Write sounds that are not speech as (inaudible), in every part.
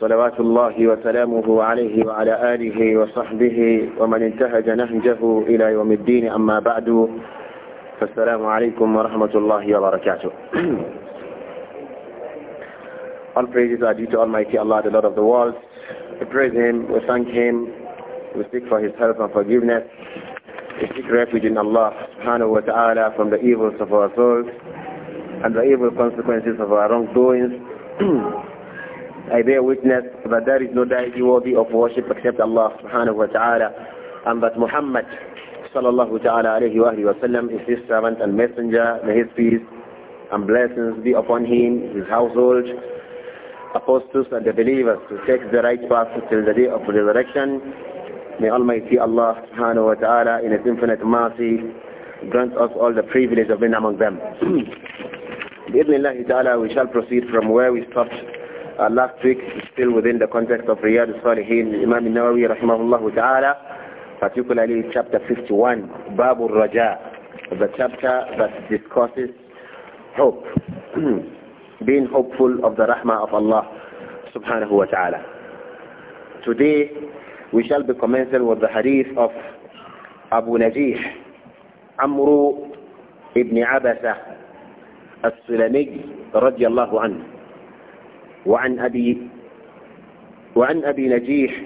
صلوات الله وسلامه عليه وعلى آله وصحبه ومن انتهج نهجه إلى يوم الدين أما بعد فالسلام عليكم ورحمة الله وبركاته All praises are due to Almighty Allah, the Lord of the world. We praise Him, we thank Him, we seek for His help and forgiveness. We seek refuge in Allah subhanahu wa ta'ala from the evils of our souls and the evil consequences of our wrongdoings. I bear witness that there is no deity worthy of worship except Allah subhanahu wa ta'ala and that Muhammad sallallahu ta'ala alayhi wa sallam is his servant and messenger. May his peace and blessings be upon him, his household, apostles and the believers to take the right path till the day of resurrection. May Almighty Allah subhanahu wa ta'ala in his infinite mercy grant us all the privilege of being among them. (clears throat) Bi-idhnillahi we shall proceed from where we stopped uh, last week, still within the context of Riyadh salihin Imam nawawi rahimahullah ta'ala, particularly chapter 51, Babu Raja, the chapter that discusses hope, (clears throat) being hopeful of the rahmah of Allah subhanahu wa ta'ala. Today, we shall be commencing with the hadith of Abu Najih, Amru ibn Abasa, السلمي رضي الله عنه وعن أبي وعن أبي نجيح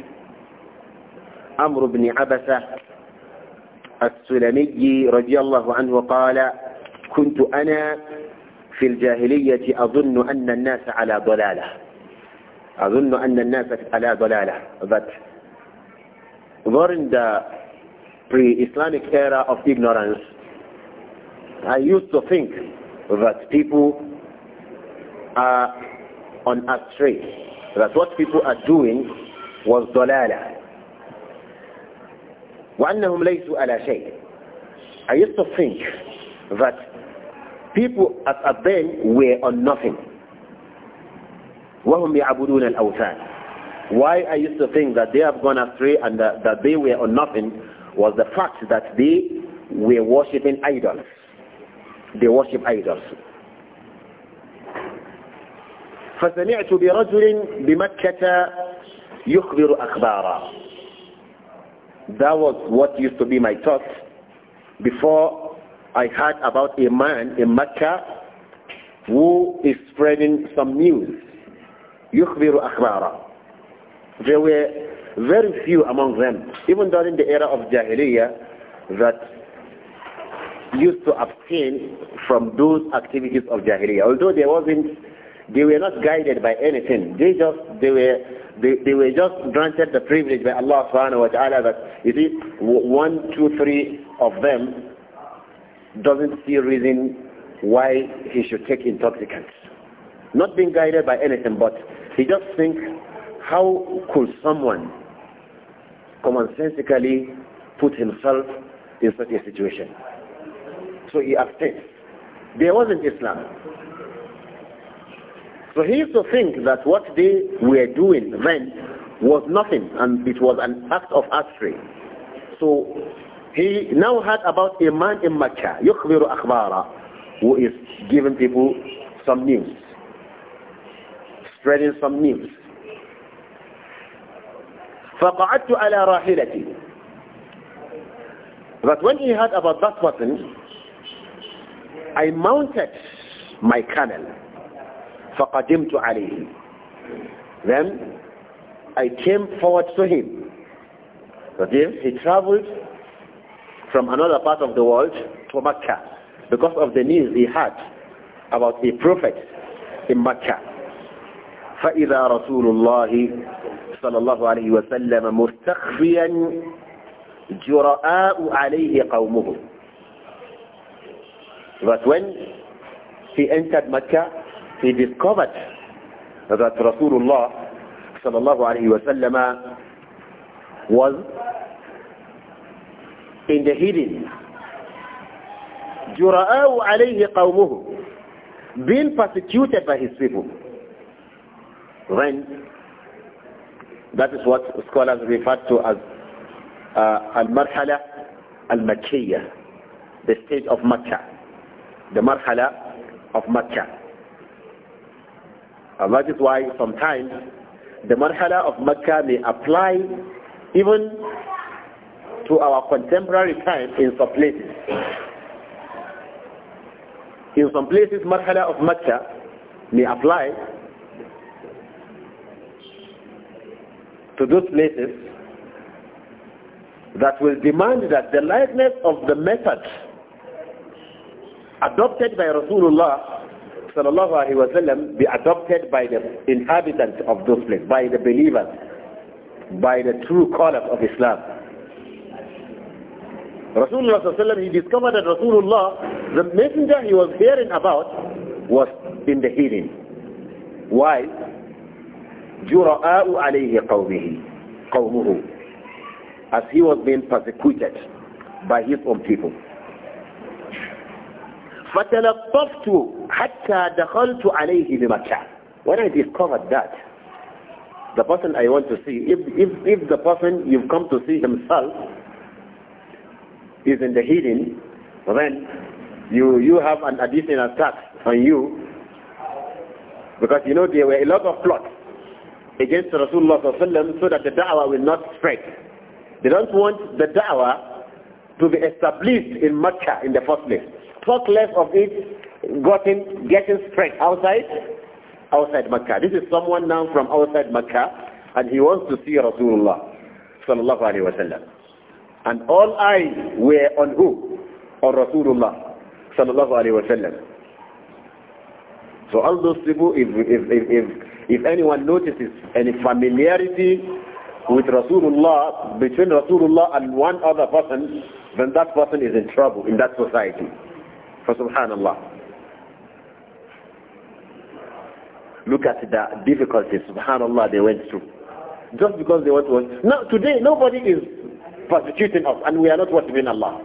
أمر بن عبسة السلمي رضي الله عنه قال كنت أنا في الجاهلية أظن أن الناس على ضلالة أظن أن الناس على ضلالة but during the pre-Islamic era of ignorance I used to think that people are on astray. That what people are doing was dalala. وأنهم ليسوا على شيء. I used to think that people at then were on nothing. وهم يعبدون الأوثان. Why I used to think that they have gone astray and that, that they were on nothing was the fact that they were worshipping idols. They worship idols. فسمعت برجل بمكة يخبر أخبارا That was what used to be my thought before I heard about a man in Mecca who is spreading some news. يخبر أخبارا There were very few among them, even during the era of Jahiliyyah, that used to abstain from those activities of Jahiliyyah. Although there wasn't they were not guided by anything. They just they were they, they were just granted the privilege by Allah subhanahu wa ta'ala that you see one, two, three of them doesn't see reason why he should take intoxicants. Not being guided by anything, but he just thinks, how could someone commonsensically put himself in such a situation? So he abstains. There wasn't Islam. So he used to think that what they were doing then was nothing and it was an act of astray. So he now heard about a man in Mecca, يخبر أخبارا, who is giving people some news, spreading some news. فقعدت على راحلتي But when he heard about that person, I mounted my camel فَقَدِمْتُ عَلَيْهِ Then I came forward to him. But he traveled from another part of the world to Mecca because of the news he had about a prophet in Mecca. فإذا رسول الله صلى الله عليه وسلم مستخفيا جراء عليه قومه. But when he entered Mecca, he discovered that Rasulullah sallallahu alaihi wasallam was in the hidden jura'u qawmuhu being persecuted by his people then that is what scholars refer to as uh, al-marhala al-makkiyah the stage of Makkah the marhala of Makkah and that is why sometimes the marhala of Mecca may apply even to our contemporary time in some places. In some places, marhala of Mecca may apply to those places that will demand that the likeness of the method adopted by Rasulullah sallallahu alaihi wasallam be adopted by the inhabitants of those places, by the believers, by the true callers of Islam. Rasulullah sallallahu he discovered that Rasulullah, the messenger he was hearing about, was in the healing. Why? جُرَآءُ عَلَيْهِ قَوْمِهِ قَوْمُهُ As he was being persecuted by his own people. فَتَلَطَّفْتُ حَتَّى دَخَلْتُ عَلَيْهِ بِمَكَانٍ When I discovered that, the person I want to see, if, if, if the person you've come to see himself is in the healing, then you, you have an additional attack on you because you know there were a lot of plots against Rasulullah so that the da'wah will not spread. They don't want the da'wah to be established in Mecca in the first place talk less of it gotten, getting spread outside, outside Mecca. This is someone now from outside Mecca, and he wants to see Rasulullah sallallahu alaihi wasallam. And all eyes were on who? On Rasulullah sallallahu alaihi wasallam. So all those people, if, if, if, if, anyone notices any familiarity with Rasulullah, between Rasulullah and one other person, then that person is in trouble in that society. فسبحان Look at the difficulties, subhanallah, they went through. Just because they want to. now today nobody is persecuting us and we are not worshiping Allah.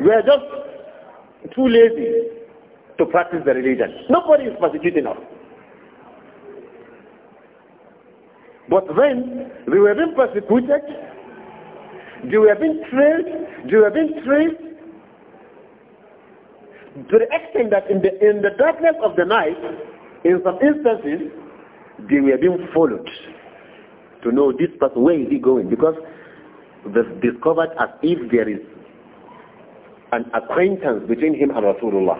We are just too lazy to practice the religion. Nobody is persecuting us. But then they were being persecuted, they were being trained, they were being trained, to the extent that in the, in the darkness of the night, in some instances, they were being followed to know this person, where is he going? Because they discovered as if there is an acquaintance between him and Rasulullah.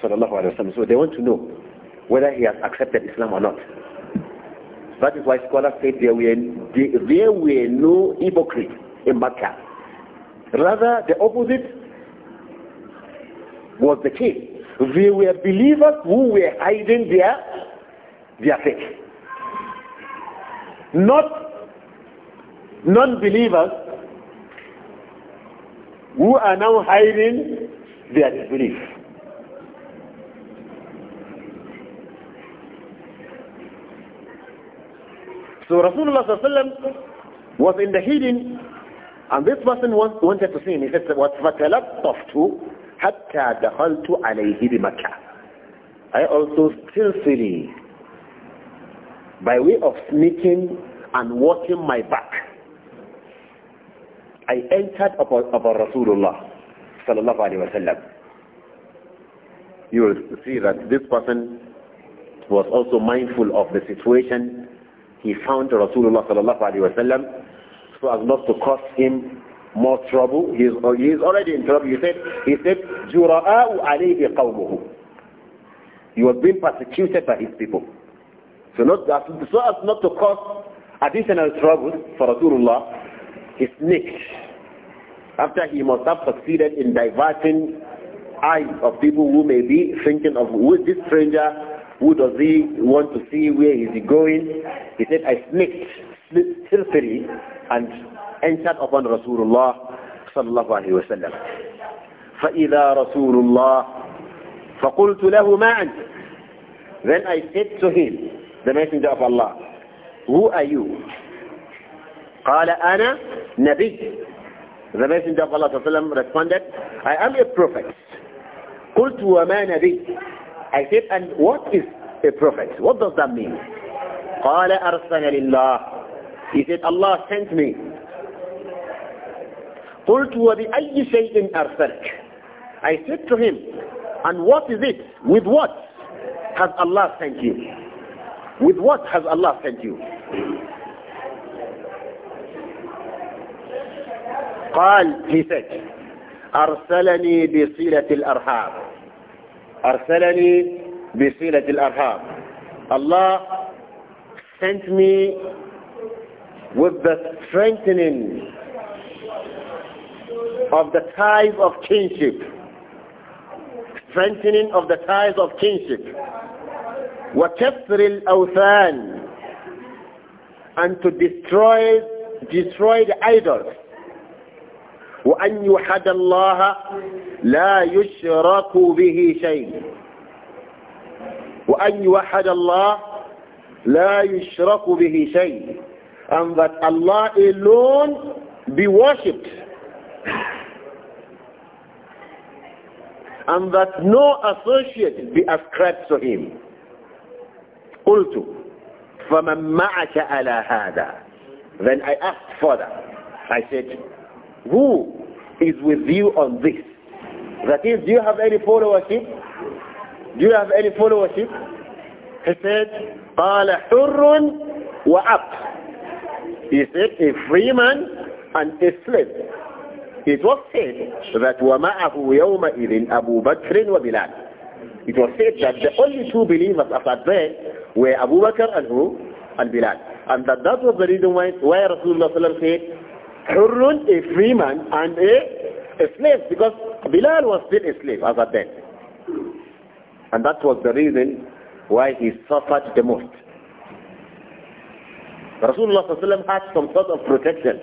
So they want to know whether he has accepted Islam or not. That is why scholars say there were, there were no hypocrites in Makkah. Rather, the opposite was the case. They were believers who were hiding their, their faith. Not non-believers who are now hiding their disbelief. So Rasulullah was in the hiding and this person wanted to see him. He said, what فَتَلَطَّفْتُ حتى دخلت عليه بمكة I also stealthily by way of sneaking and watching my back I entered upon, upon Rasulullah sallallahu alayhi wa sallam you will see that this person was also mindful of the situation he found Rasulullah sallallahu alayhi wa sallam so as not to cause him more trouble. He's, is already in trouble. He said, he said, جُرَآءُ عَلَيْهِ قَوْمُهُ He was being persecuted by his people. So, not, so as not to cause additional trouble for Rasulullah, he sneaked. After he must have succeeded in diverting eyes of people who may be thinking of who is this stranger, who does he want to see, where is he going. He said, I sneaked, stealthily, and entered upon Rasulullah صلى الله عليه وسلم فإذا رسول الله فقلت له ما أنت Then I said to him, the messenger of Allah, who are you? قال أنا نبي The messenger of Allah صلى الله عليه وسلم, responded, I am a prophet. قلت وما نبي I said, and what is a prophet? What does that mean? قال أرسلني الله He said, Allah sent me. قلت وبأي شيء أرسلك I said to him and what is it with what has Allah sent you with what has Allah sent you قال he said أرسلني بصلة الأرحام أرسلني بصلة الأرحام Allah sent me with the strengthening of the ties of kinship. Strengthening of the ties of kinship. وَكَفْرِ الْأَوْثَانِ And to destroy, destroy the idols. وأن يوحد الله لا يشرك به شيء وأن يوحد الله لا يشرك به شيء and that Allah alone be worshipped and that no associate be ascribed to him. قلت فمن معك على هذا Then I asked further. I said, who is with you on this? That is, do you have any followership? Do you have any followership? He said, قال حر وعبد. He said, a free man and a slave. It was said that وَمَعَهُ يَوْمَئِذٍ أَبُو بَكْرٍ وَبِلَالٍ It was said that the only two believers of that day were Abu Bakr and who? And Bilal. And that, that was the reason why, why Rasulullah said, Hurrun, a free man, and a, a slave, because Bilal was still a slave as at then. And that was the reason why he suffered the most. Rasulullah had some sort of protection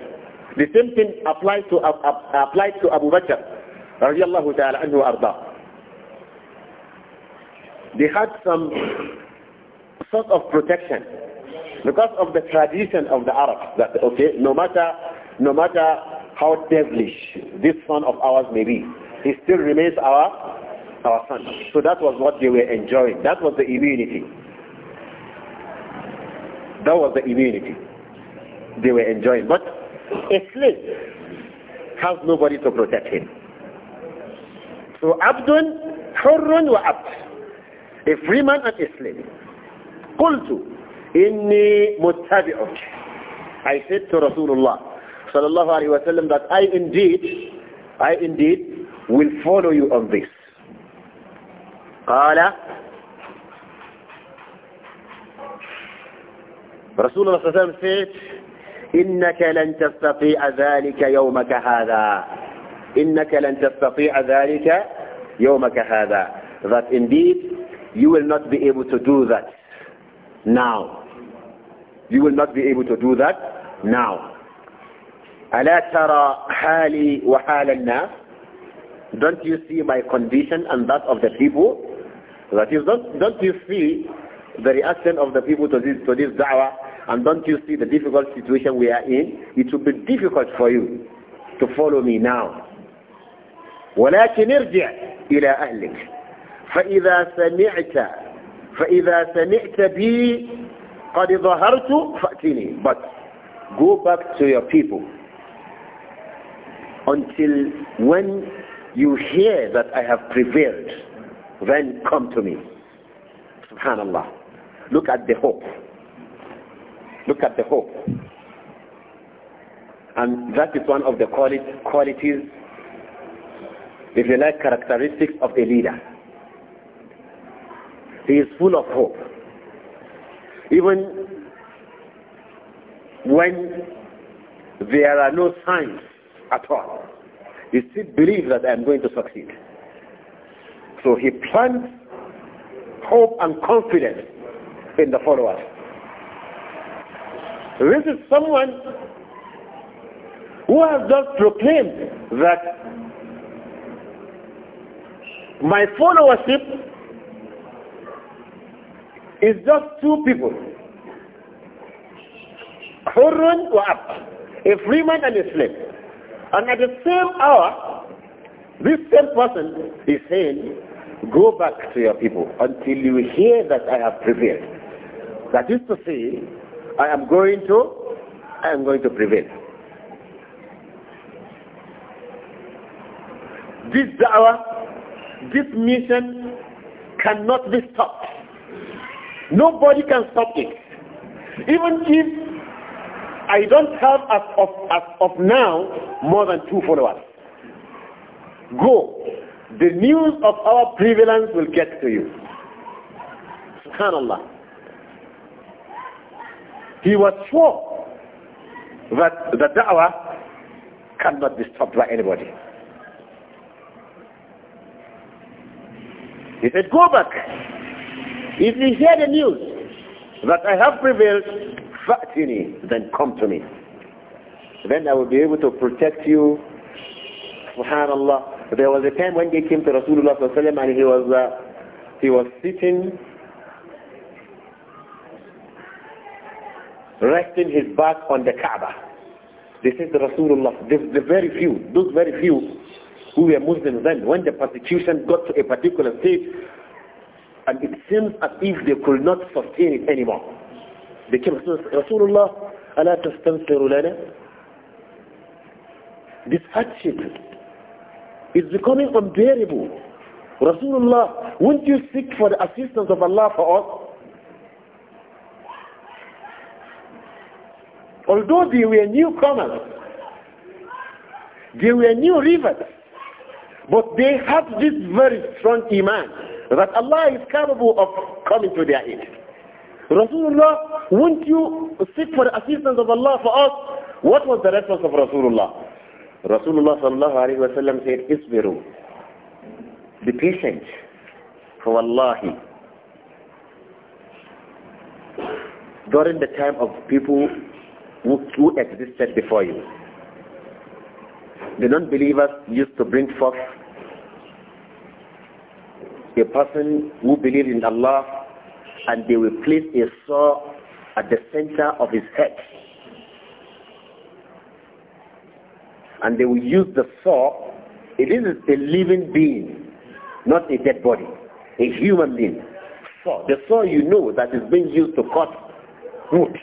the same thing applies to, uh, applied to Abu Bakr radiallahu ta'ala anhu arda. They had some sort of protection because of the tradition of the Arabs that, okay, no matter, no matter how devilish this son of ours may be, he still remains our, our son. So that was what they were enjoying. That was the immunity. That was the immunity they were enjoying. But a slave has nobody to protect him. So abdun, hurrun wa abd. A free man and a slave. قلت إني متبعك I said to Rasulullah sallallahu alayhi wa sallam that I indeed I indeed will follow you on this قال Rasulullah sallallahu alayhi wa sallam said إنك لن تستطيع ذلك يومك هذا إنك لن تستطيع ذلك يومك هذا that indeed you will not be able to do that now you will not be able to do that now ألا ترى حالي وحال الناس don't you see my condition and that of the people that is don't, don't you see the reaction of the people to this to this da'wah And don't you see the difficult situation we are in? It will be difficult for you to follow me now. ولكن ارجع إلى أهلك فإذا سمعت فإذا سمعت بي قد ظهرت فأتني but go back to your people until when you hear that I have prevailed then come to me subhanallah look at the hope Look at the hope. And that is one of the qualities, if you like, characteristics of a leader. He is full of hope. Even when there are no signs at all, he still believes that I am going to succeed. So he plants hope and confidence in the followers. This is someone who has just proclaimed that my followership is just two people. Hurrun wa Ab, a free man and a slave. And at the same hour, this same person is saying, go back to your people until you hear that I have prevailed. That is to say, I am going to, I am going to prevail. This da'wah, this mission cannot be stopped. Nobody can stop it. Even if I don't have as of, as of now more than two followers, go. The news of our prevalence will get to you. SubhanAllah. He was sure that the da'wah cannot be stopped by anybody. He said, go back. If you hear the news that I have prevailed, fa'tini, then come to me. Then I will be able to protect you. Subhanallah. There was a time when they came to Rasulullah and he was, uh, he was sitting resting his back on the Kaaba. This is the Rasulullah. This, the very few, those very few who were Muslims then, when the persecution got to a particular stage, and it seems as if they could not sustain it anymore. They came Rasulullah, أَلَا تَسْتَنْصِرُ لَنَا This hardship is becoming unbearable. Rasulullah, won't you seek for the assistance of Allah for us? Although they were newcomers, they were new rivers, but they had this very strong iman that Allah is capable of coming to their aid. Rasulullah, won't you seek for the assistance of Allah for us? What was the response of Rasulullah? Rasulullah sallallahu alayhi wa sallam said, Isbiru. Be patient. For Wallahi. During the time of people who existed before you. The non-believers used to bring forth a person who believed in Allah and they will place a saw at the center of his head. And they will use the saw. It is a living being, not a dead body, a human being. Saw. The saw you know that is being used to cut wood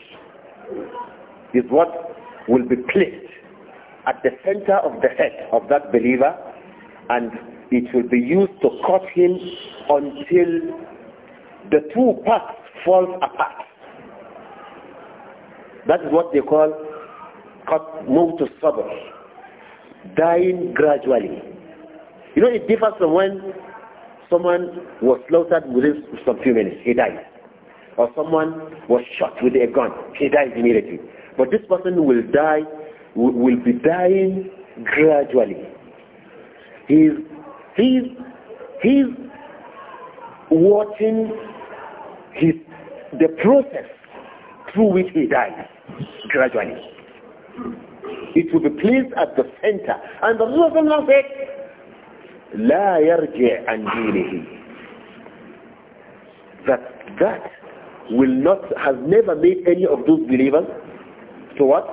is what will be placed at the center of the head of that believer and it will be used to cut him until the two parts fall apart. That is what they call cut move to sabr, dying gradually. You know, it differs from when someone was slaughtered within some few minutes, he died. Or someone was shot with a gun, he died immediately. But this person will die, will be dying gradually. He's, he's, he's watching his, the process through which he dies gradually. It will be placed at the center. And the reason of it, يرجع عن دينه that that will not has never made any of those believers to what?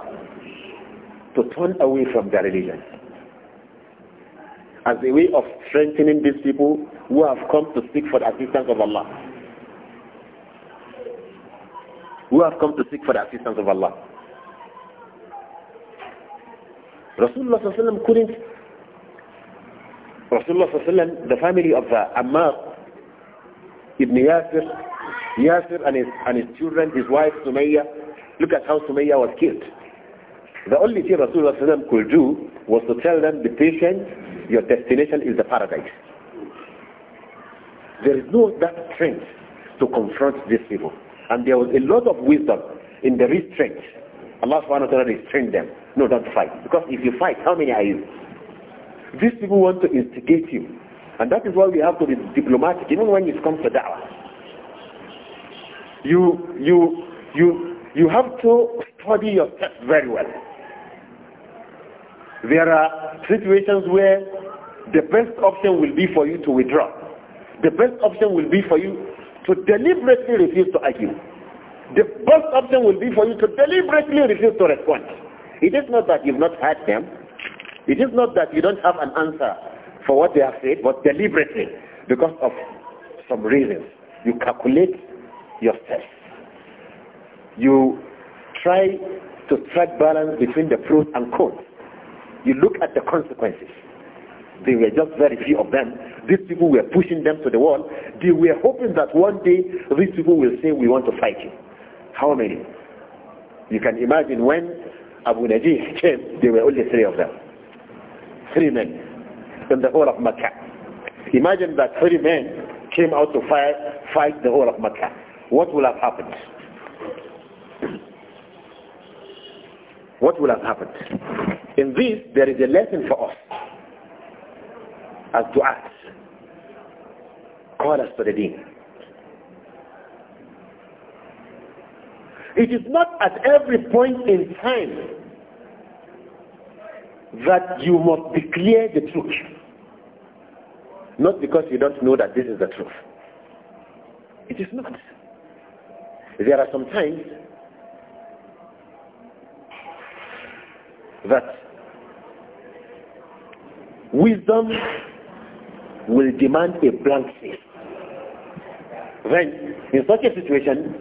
To turn away from their religion. As a way of strengthening these people who have come to seek for the assistance of Allah. Who have come to seek for the assistance of Allah. Rasulullah sallallahu couldn't Rasulullah sallallahu the family of the uh, Ammar ibn Yasir, Yasir and his, and his children, his wife Sumayya, Look at how Sumayya was killed. The only thing Rasulullah could do was to tell them, be patient, your destination is the paradise. There is no that strength to confront these people. And there was a lot of wisdom in the restraint. Allah subhanahu wa ta'ala restrained them. No, don't fight. Because if you fight, how many are you? These people want to instigate you. And that is why we have to be diplomatic, even when it comes to da'wah. You, you, you, you have to study yourself very well. There are situations where the best option will be for you to withdraw. The best option will be for you to deliberately refuse to argue. The best option will be for you to deliberately refuse to respond. It is not that you've not heard them. It is not that you don't have an answer for what they have said, but deliberately, because of some reasons, you calculate yourself you try to strike balance between the pros and cons. You look at the consequences. There were just very few of them. These people were pushing them to the wall. They were hoping that one day these people will say, we want to fight you. How many? You can imagine when Abu Najih (laughs) came, there were only three of them. Three men in the whole of Mecca. Imagine that three men came out to fight, fight the whole of Mecca. What will have happened? what will have happened? In this, there is a lesson for us as to act. Call us to the deen. It is not at every point in time that you must declare the truth. Not because you don't know that this is the truth. It is not. There are some times that wisdom will demand a blank space. Then, in such a situation,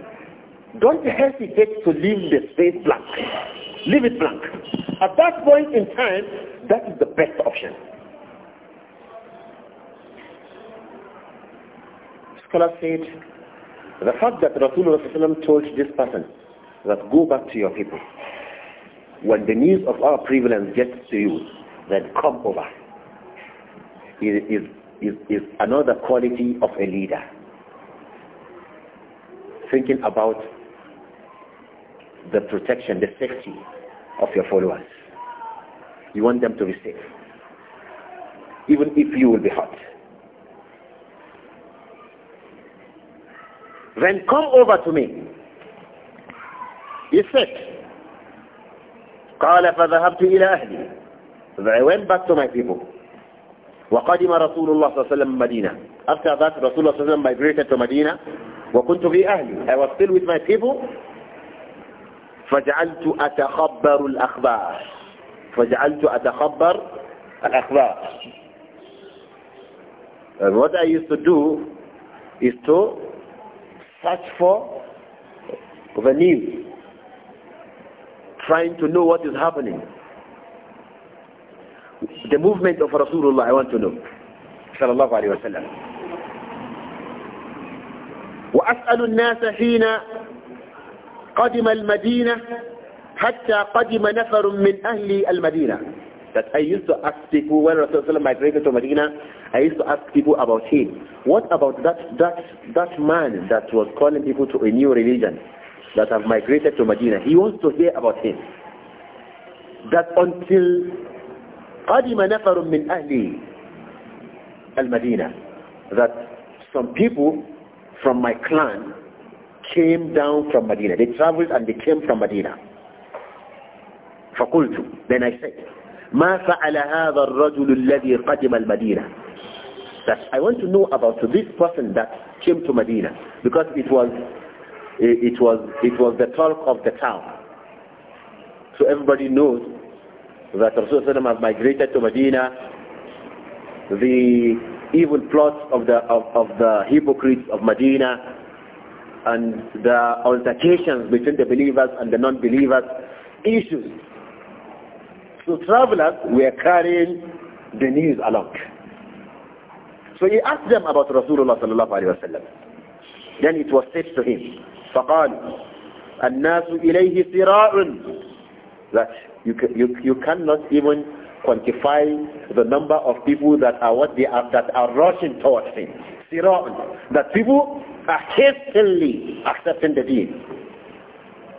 don't hesitate to leave the space blank. Leave it blank. At that point in time, that is the best option. Scholar said, the fact that Rasulullah told this person that go back to your people when the news of our prevalence gets to you, then come over. It is, is, is another quality of a leader. Thinking about the protection, the safety of your followers. You want them to be safe, even if you will be hurt. Then come over to me. He said, قال فذهبت إلى أهلي وين went back to my وقدم رسول الله صلى الله عليه وسلم مدينة after that رسول الله صلى الله عليه وسلم migrated to مدينة وكنت في أهلي I was still with my people فجعلت أتخبر الأخبار فجعلت أتخبر الأخبار And what I used to do is to search for the news trying to know what is happening. The movement of Rasulullah, I want to know. Sallallahu Alaihi Wasallam. وأسأل الناس حين قدم المدينة حتى قدم نفر من أهل المدينة that I used to ask people when Rasulullah migrated to Medina, I used to ask people about him. What about that that that man that was calling people to a new religion? that have migrated to Medina. He wants to hear about him. That until قدم نفر من أهل المدينة that some people from my clan came down from Medina. They traveled and they came from Medina. فقلت then I said ما فعل هذا الرجل الذي قدم المدينة that I want to know about this person that came to Medina because it was it, was, it was the talk of the town. So everybody knows that Rasulullah has migrated to Medina. The evil plots of the, of, of the hypocrites of Medina and the altercations between the believers and the non-believers, issues. So travelers were carrying the news along. So he asked them about Rasulullah sallallahu alaihi wasallam. Then it was said to him فقال الناس إليه صراع that you, you, you cannot even quantify the number of people that are what they are that are rushing towards him. That people are hastily accepting the deen.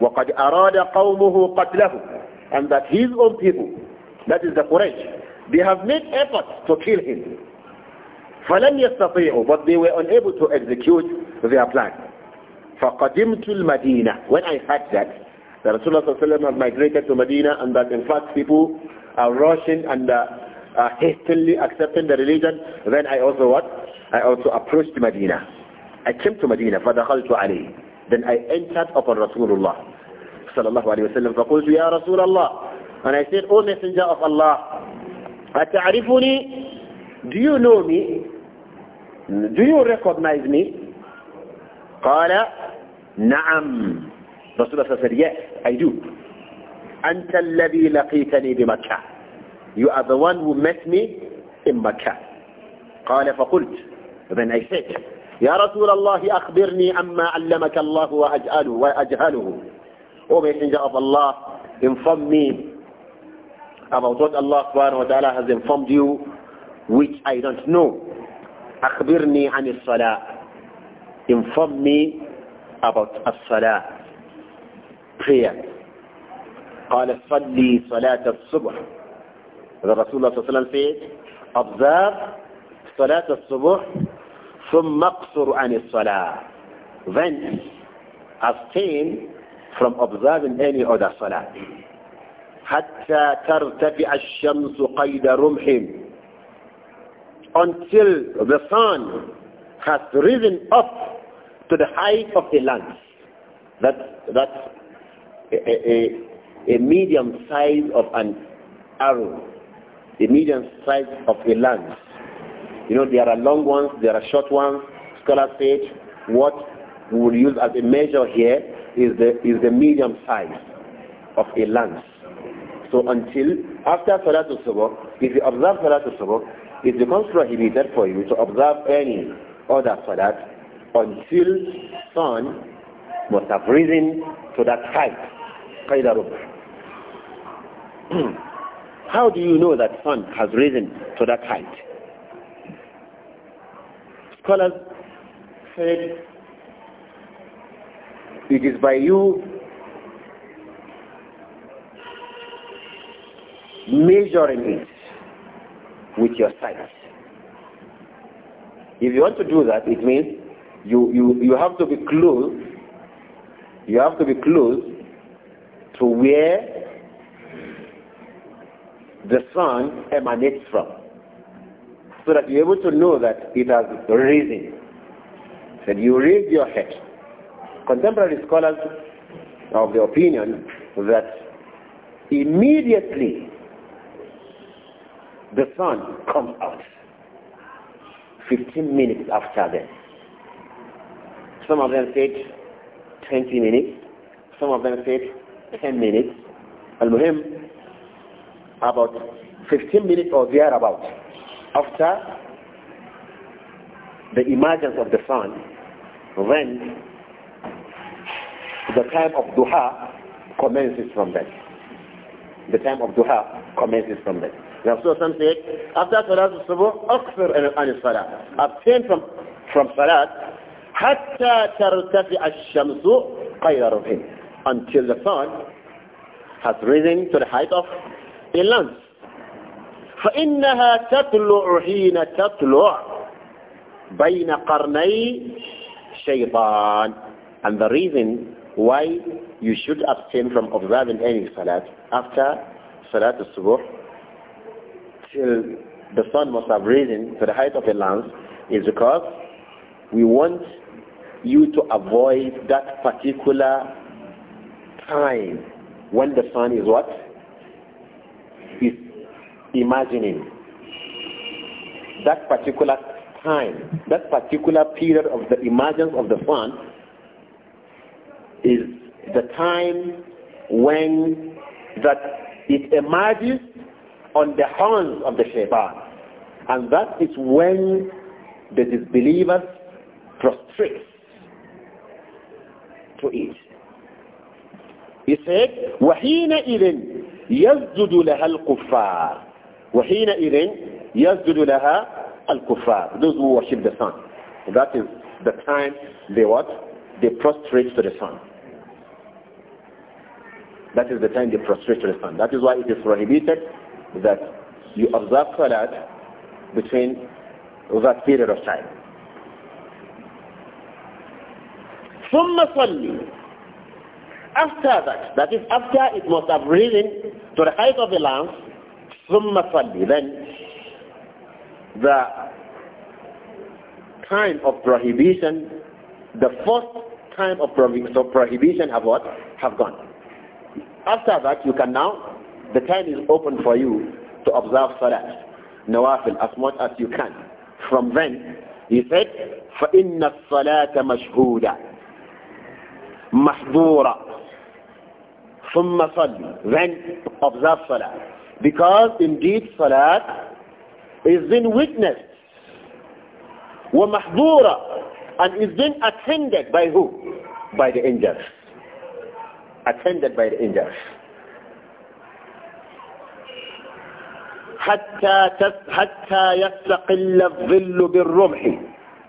وَقَدْ أَرَادَ قَوْمُهُ قَتْلَهُ And that his own people, that is the Quraysh, they have made efforts to kill him. فَلَمْ يَسْتَطِيعُوا But they were unable to execute their plan. فقدمت المدينة when I heard that the Rasulullah الله عليه وسلم had migrated to Medina and that in fact people are rushing and are hastily accepting the religion then I also what I also approached Medina I came to Medina فدخلت عليه then I entered upon Rasulullah صلى الله عليه وسلم فقلت يا رسول الله and I said O messenger of Allah أتعرفني do you know me do you recognize me قال نعم رسول الله صلى الله عليه وسلم أنت الذي لقيتني بمكة you are the one who met me in مكة قال فقلت then I said يا رسول الله أخبرني عما علمك الله وأجهله وأجهله Oh Messenger of Allah inform me about what Allah subhanahu wa ta'ala has informed you which I don't know أخبرني عن الصلاة inform me about الصلاة prayer قال صلي صلاة الصبح هذا رسول الله صلى الله عليه وسلم said observe صلاة الصبح ثم اقصر عن الصلاة then abstain from observing any other صلاة حتى ترتفع الشمس قيد رمح until the sun has risen up to the height of the lance, That's, that's a, a, a medium size of an arrow, the medium size of a lance. You know, there are long ones, there are short ones. Scholars say what we will use as a measure here is the, is the medium size of a lance. So until after Salatul Subh, if you observe Salatul Subh, it becomes prohibited for you to observe any other Salat until sun must have risen to that height. (clears throat) How do you know that sun has risen to that height? Scholars said it is by you measuring it with your sight. If you want to do that, it means you, you, you have to be close, you have to be close to where the sun emanates from. So that you're able to know that it has risen. so you raise your head. Contemporary scholars are of the opinion that immediately the sun comes out 15 minutes after that. Some of them said 20 minutes. Some of them said 10 minutes. Al-Muhim, about 15 minutes or thereabout after the emergence of the sun, when the time of duha commences from that. The time of duha commences from that. Now, so some say, after salat al-subuh, aqfir an salat. Abstain from, from salat حتى ترتفع الشمس غير رمحين until the sun has risen to the height of a lance فإنها تطلع حين تطلع بين قرني شيطان and the reason why you should abstain from observing any salat after salat al-subuh till the sun must have risen to the height of a lance is because we want you to avoid that particular time when the sun is what? Is imagining. That particular time, that particular period of the emergence of the sun is the time when that it emerges on the horns of the shaitan. And that is when the disbelievers prostrate to it. He said, وَحِينَئِذٍ يَسْجُدُ لَهَا الْكُفَّارِ وَحِينَئِذٍ يَسْجُدُ لَهَا الْكُفَّارِ Those who worship the sun. That is the time they what? They prostrate to the sun. That is the time they prostrate to the sun. That is why it is prohibited that you observe salat between that period of time. ثم صلي After that, that is after it must have risen to the height of the lance, ثم صلي Then the time of prohibition, the first time of prohibition have what? Have gone. After that, you can now, the time is open for you to observe Salat, Nawafil, as much as you can. From then, he said, فَإِنَّ الصَّلَاةَ مَشْهُودًا محظورة ثم صلي then observe صلاة because indeed صلاة is then witnessed ومحظورة and is then attended by who? by the angels attended by the angels حتى حتى يستقل الظل بالرمح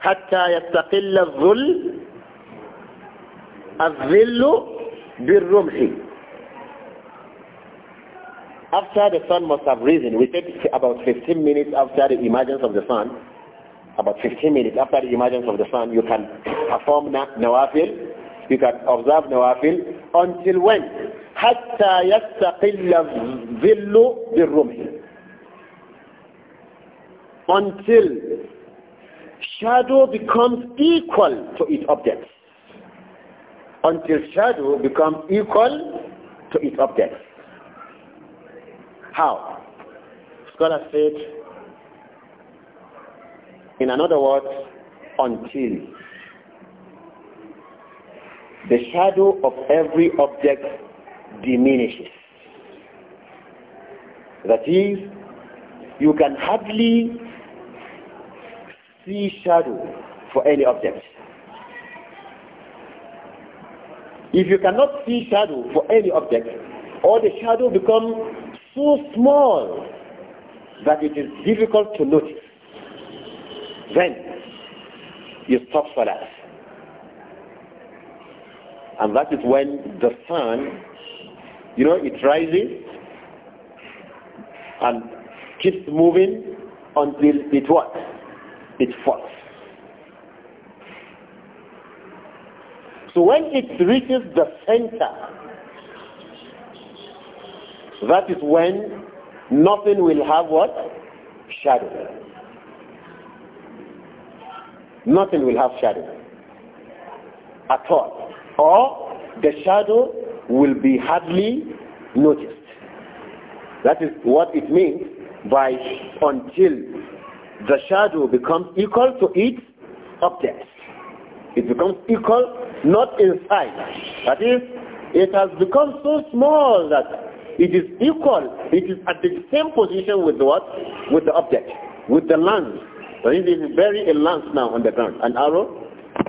حتى يستقل الظل الظل بالرمح after the sun must have risen, we take about 15 minutes after the emergence of the sun, about 15 minutes after the emergence of the sun, you can perform nawafil, you can observe nawafil, until when? حتى يستقل الظل بالرمح Until shadow becomes equal to its objects until shadow becomes equal to its object. How? Scholar said, in another word, until the shadow of every object diminishes. That is, you can hardly see shadow for any object. If you cannot see shadow for any object, or the shadow becomes so small that it is difficult to notice, then you stop for that, And that is when the sun, you know, it rises and keeps moving until it what? It falls. So when it reaches the center, that is when nothing will have what? Shadow. Nothing will have shadow at all. Or the shadow will be hardly noticed. That is what it means by until the shadow becomes equal to its object. It becomes equal not in size. That is, it has become so small that it is equal, it is at the same position with what? With the object, with the lance. So it is very a lance now on the ground, an arrow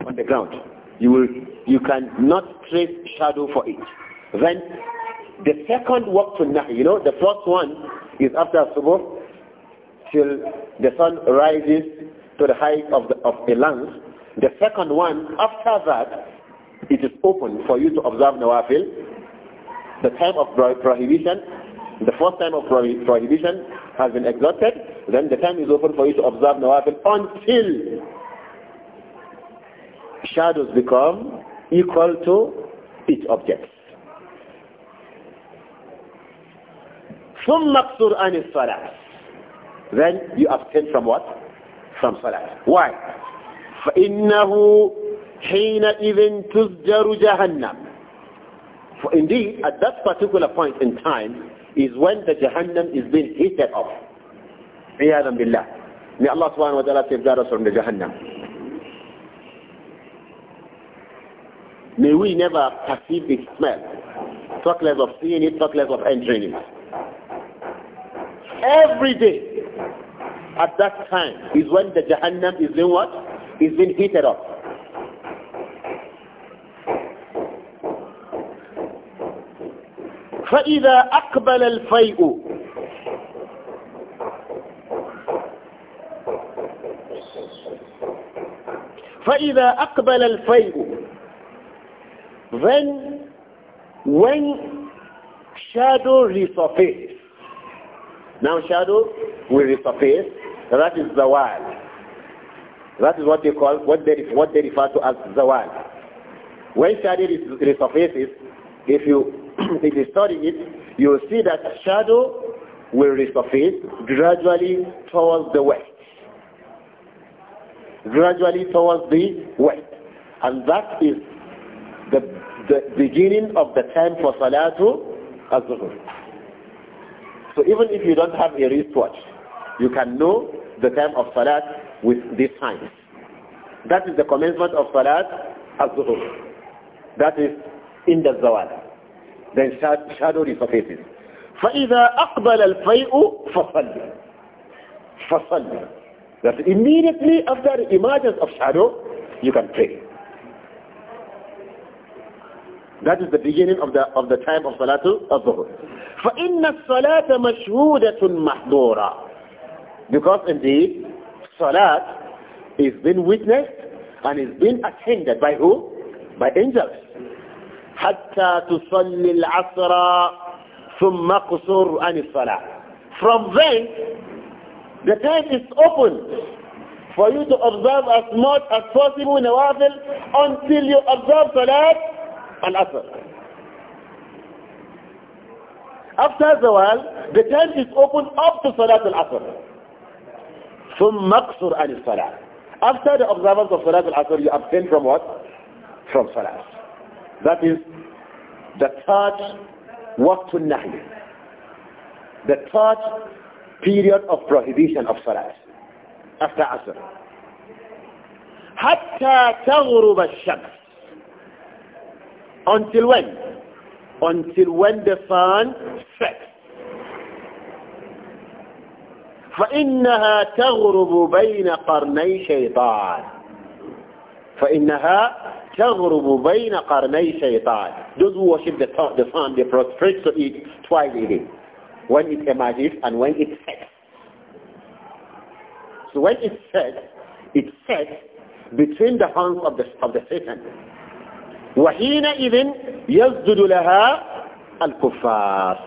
on the ground. You will, you cannot trace shadow for it. Then the second work to Nahi, you know, the first one is after Subuh till the sun rises to the height of, the, of a lance. The second one, after that, it is open for you to observe Nawafil. The time of prohibition, the first time of prohibition has been exhausted, then the time is open for you to observe Nawafil until shadows become equal to each object. ثم اقصر عن الصلاة then you abstain from what? From salah. Why? فَإِنَّهُ even تزجر جهنم For indeed, at that particular point in time is when the Jahannam is being heated up. عياذا بالله. May Allah subhanahu wa ta'ala safeguard us from the Jahannam. May we never perceive its smell. Talk less of seeing it, talk less of entering it. Every day at that time is when the Jahannam is being what? Is being heated up. فإذا أقبل الفيء فإذا أقبل الفيء then when shadow resurfaces now shadow will resurface that is the zawal that is what they call what they what they refer to as the zawal when shadow resurfaces if you if you study it, you will see that shadow will resurface gradually towards the west. Gradually towards the west. And that is the, the beginning of the time for Salatu as zuhur So even if you don't have a wristwatch, you can know the time of Salat with this signs. That is the commencement of Salat as-salah. That is in the Zawal then shadow resurfaces فإذا أقبل الفيء فصل فصل that immediately after the emergence of shadow you can pray that is the beginning of the of the time of Salatul Zuhur فإن الصلاة مشهودة محضورة because indeed Salat is being witnessed and is being attended by who? By angels حتى تصلي العصر ثم قصر عن الصلاة From then, the time is open for you to observe as much as possible in nawafil until you observe Salat al-Asr. After while, the time is open up to Salat al-Asr. ثم اقصر عن الصلاة. After the observance of Salat al-Asr, you abstain from what? From Salat. That is the third waqtun nahi. The third period of prohibition of salat after asr. Hatta taghrub al-shams. Until when? Until when the sun sets. فإنها تغرب بين قرني شيطان فإنها تغرب بين قرني شيطان those who worship the, the sun they prostrate to it twice a day when it emerges and when it sets so when it sets it sets between the horns of the, of the Satan وحينئذ يسجد لها الكفار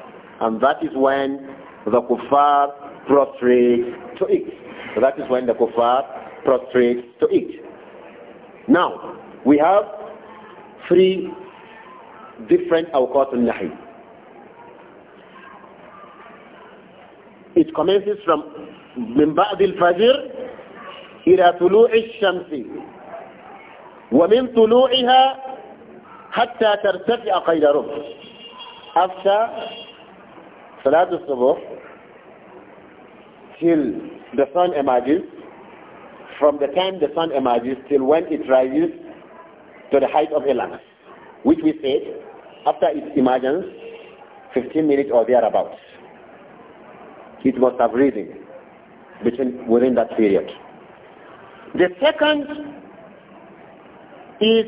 and that is when the kuffar prostrate to it that is when the kuffar prostrate to it now we have three different awqat al-nahi. It commences from من بعد الفجر إلى طلوع الشمس ومن طلوعها حتى ترتفع قيل رب after صلاة الصبح till the sun emerges from the time the sun emerges till when it rises to the height of a lamp, which we said, after its emergence, 15 minutes or thereabouts, it must have risen between, within that period. The second is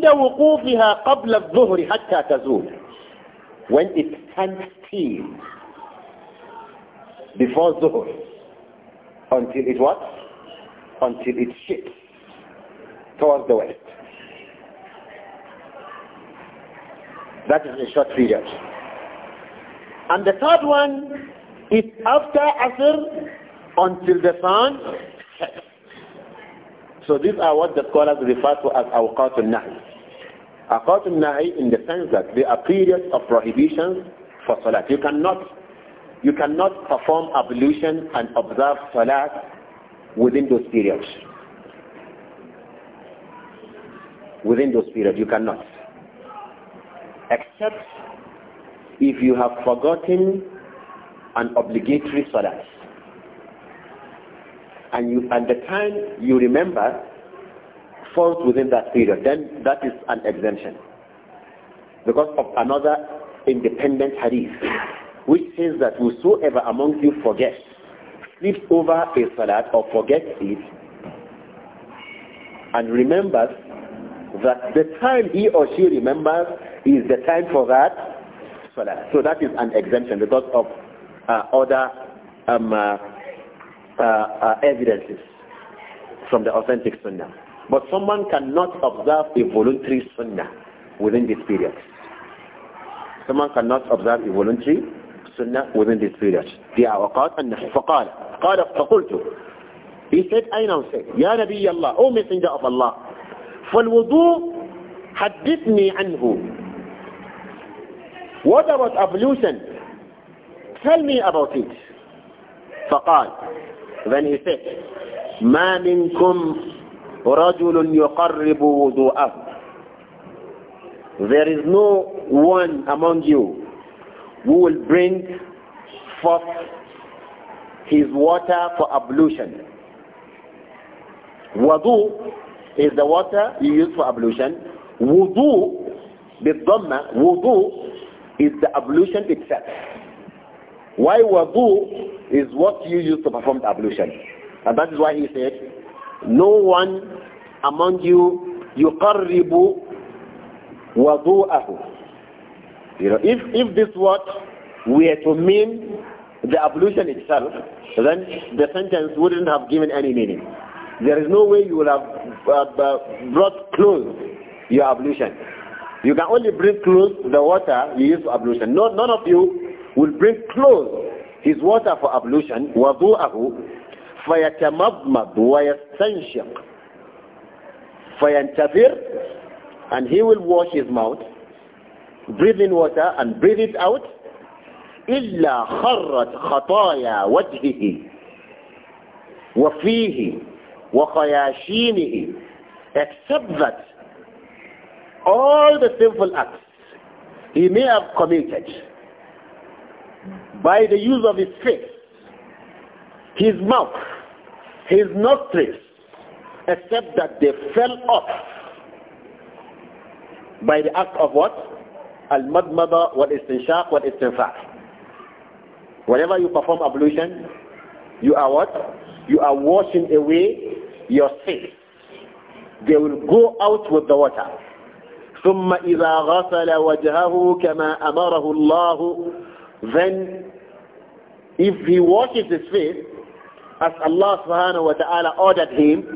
the وقوفها قبل الظهر حتى تزول when it stands still before zuhur until it what? until it shifts towards the west. That is a short period. And the third one is after Asr until the sun sets. So these are what the scholars refer to as awqatul nahi. Awqatul nahi in the sense that they are periods of prohibitions for salat. You cannot, you cannot perform ablution and observe salat within those periods. Within those periods, you cannot. Except if you have forgotten an obligatory salat. And you, and the time you remember falls within that period, then that is an exemption. Because of another independent hadith, which says that whosoever among you forgets sleeps over a salat or forgets it and remembers that the time he or she remembers is the time for that salat. So that is an exemption because of uh, other um, uh, uh, uh evidences from the authentic sunnah. But someone cannot observe a voluntary sunnah within this period. Someone cannot observe a voluntary السنة وبين ذي الفيلات في عوقات النحو فقال قال فقلت بسيد أين وسيد يا نبي الله أو من سنجاء الله فالوضوء حدثني عنه What about ablution? Tell me about it. فقال Then he said ما منكم رجل يقرب وضوءه There is no one among you who will bring forth his water for ablution. Wadu is the water you use for ablution. Wudu, the Dhamma, wudu is the ablution itself. Why wadu is what you use to perform the ablution. And that is why he said, no one among you يقرب وضوءه you know, if, if this word were to mean the ablution itself, then the sentence wouldn't have given any meaning. There is no way you would have uh, uh brought close your ablution. You can only bring close the water you use for ablution. No, none of you will bring close his water for ablution, وَضُوءَهُ فَيَتَمَضْمَضْ وَيَسْتَنْشِقْ فَيَنْتَفِرْ And he will wash his mouth breathe in water and breathe it out إلا خرت خطايا وجهه وفيه وخياشيمه except that all the sinful acts he may have committed by the use of his face, his mouth, his nostrils, except that they fell off by the act of what? al-madmada wal-istinshaq wal-istinfaq. Whenever you perform ablution, you are what? You are washing away your sins. They will go out with the water. ثم إذا غسل وجهه كما أمره الله then if he washes his face as Allah subhanahu wa ta'ala ordered him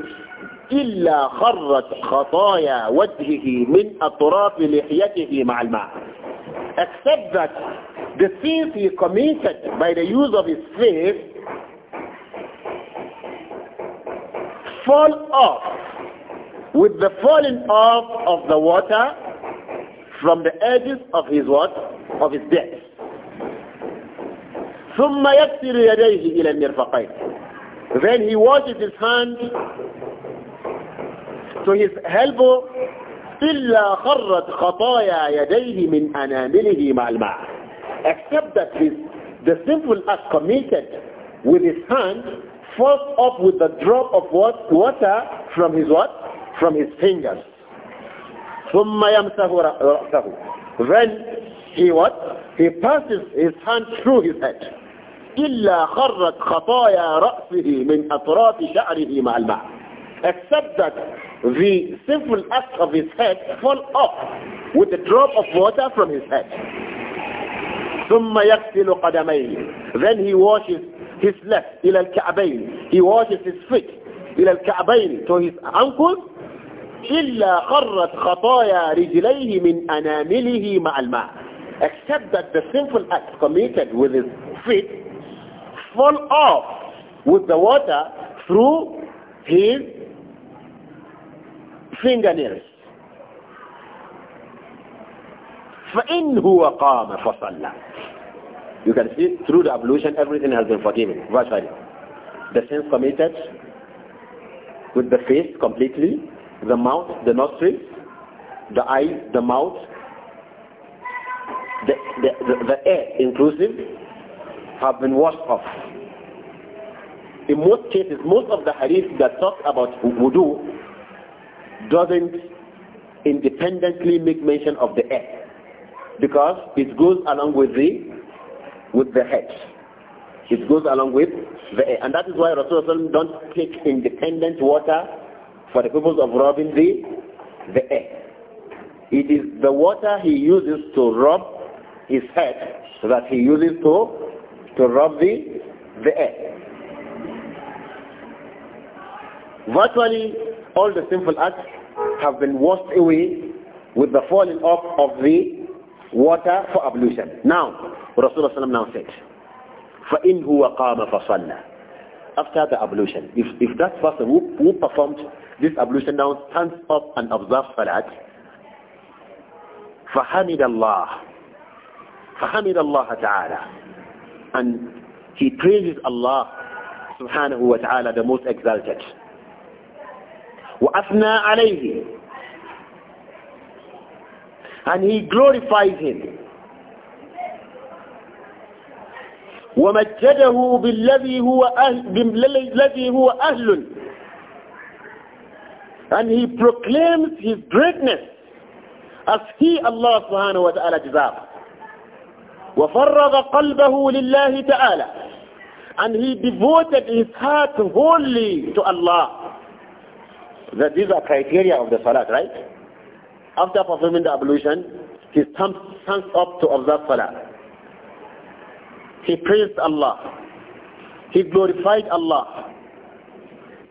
إلا خرت خطايا وجهه من أطراف لحيته مع الماء except that the sins he committed by the use of his faith fall off with the falling off of the water from the edges of his what? Of his depths. ثم يكسر يديه إلى المرفقين. Then he washes his hands to his elbow إلا خرت خطايا يديه من أنامله مع الماء except that his, the sinful act committed with his hand falls up with a drop of water from his what? from his fingers ثم يمسه رأسه then he what? he passes his hand through his head إلا خرت خطايا رأسه من أطراف شعره مع الماء except that the sinful act of his head fall off with a drop of water from his head. ثم then he washes his left إلى he washes his feet إلى الكعبين to his ankles إلا خرت خطايا رجليه من أنامله مع الماء except that the sinful act committed with his feet fall off with the water through his fingernails. فَإِنْ هُوَ قَامَ فَصَلَّى You can see through the ablution everything has been forgiven, virtually. The sins committed with the face completely, the mouth, the nostrils, the eyes, the mouth, the, the, the, the air inclusive, have been washed off. In most cases, most of the hadith that talk about wudu doesn't independently make mention of the head because it goes along with the with the head. It goes along with the And that is why Rasulullah don't take independent water for the purpose of rubbing the, the air. It is the water he uses to rub his head so that he uses to, to rub the, the air. Virtually all the sinful acts have been washed away with the falling off of the water for ablution. Now, Rasulullah ﷺ now said, فَإِنْ هُوَ قَامَ فَصَلَّى After the ablution, if, if that person who, who performed this ablution now stands up and observes salat, فَحَمِدَ اللَّهِ فَحَمِدَ اللَّهَ تَعَالَى And he praises Allah subhanahu wa ta'ala the most exalted. وأثنى عليه and he glorifies him ومجده بالذي هو أهل بالذي هو أهل and he proclaims his greatness as he Allah سبحانه وتعالى deserves وفرغ قلبه لله تعالى and he devoted his heart wholly to Allah that these are criteria of the salat, right? After performing the ablution, he stands, up to observe salah. He praised Allah. He glorified Allah.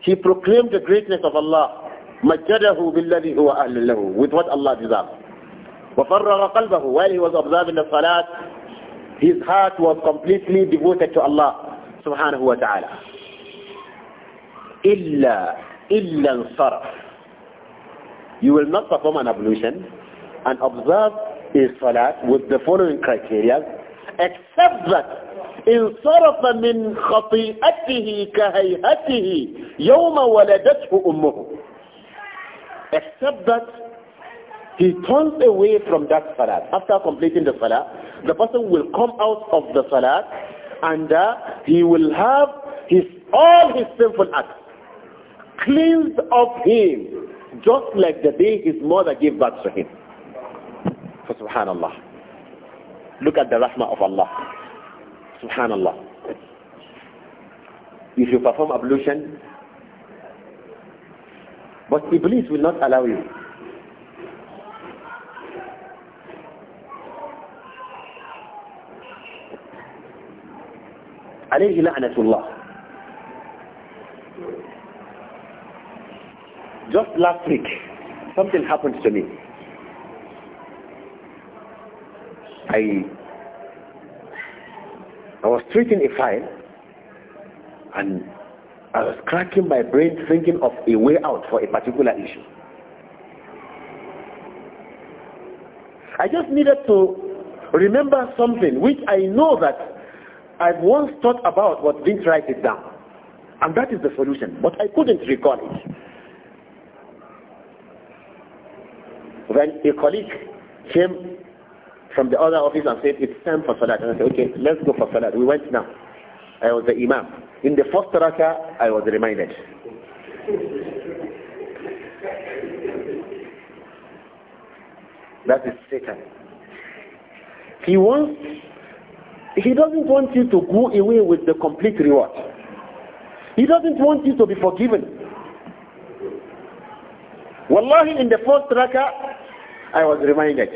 He proclaimed the greatness of Allah. مجده بالذي هو أهل له with what Allah deserves. وفرغ قلبه while he was observing the salat, his heart was completely devoted to Allah subhanahu wa ta'ala. إلا إِلَّا انصرف. You will not perform an ablution and observe a salat with the following criteria except that انصرف من خطيئته كهيئته يوم ولدته أمه except that he turns away from that salat after completing the salat the person will come out of the salat and uh, he will have his all his sinful acts cleansed of him, just like the day his mother gave birth to him. So subhanallah. Look at the rahmah of Allah. Subhanallah. If you perform ablution, but Iblis will not allow you. عليه لعنة الله Just last week, something happened to me. I I was treating a file and I was cracking my brain thinking of a way out for a particular issue. I just needed to remember something which I know that I've once thought about but didn't write it down. And that is the solution, but I couldn't recall it. When a colleague came from the other office and said, it's time for Salat. And I said, okay, let's go for Salat. We went now. I was the Imam. In the first raka, I was reminded. That is Satan. He wants, he doesn't want you to go away with the complete reward. He doesn't want you to be forgiven. Wallahi, in the first raka. I was reminded.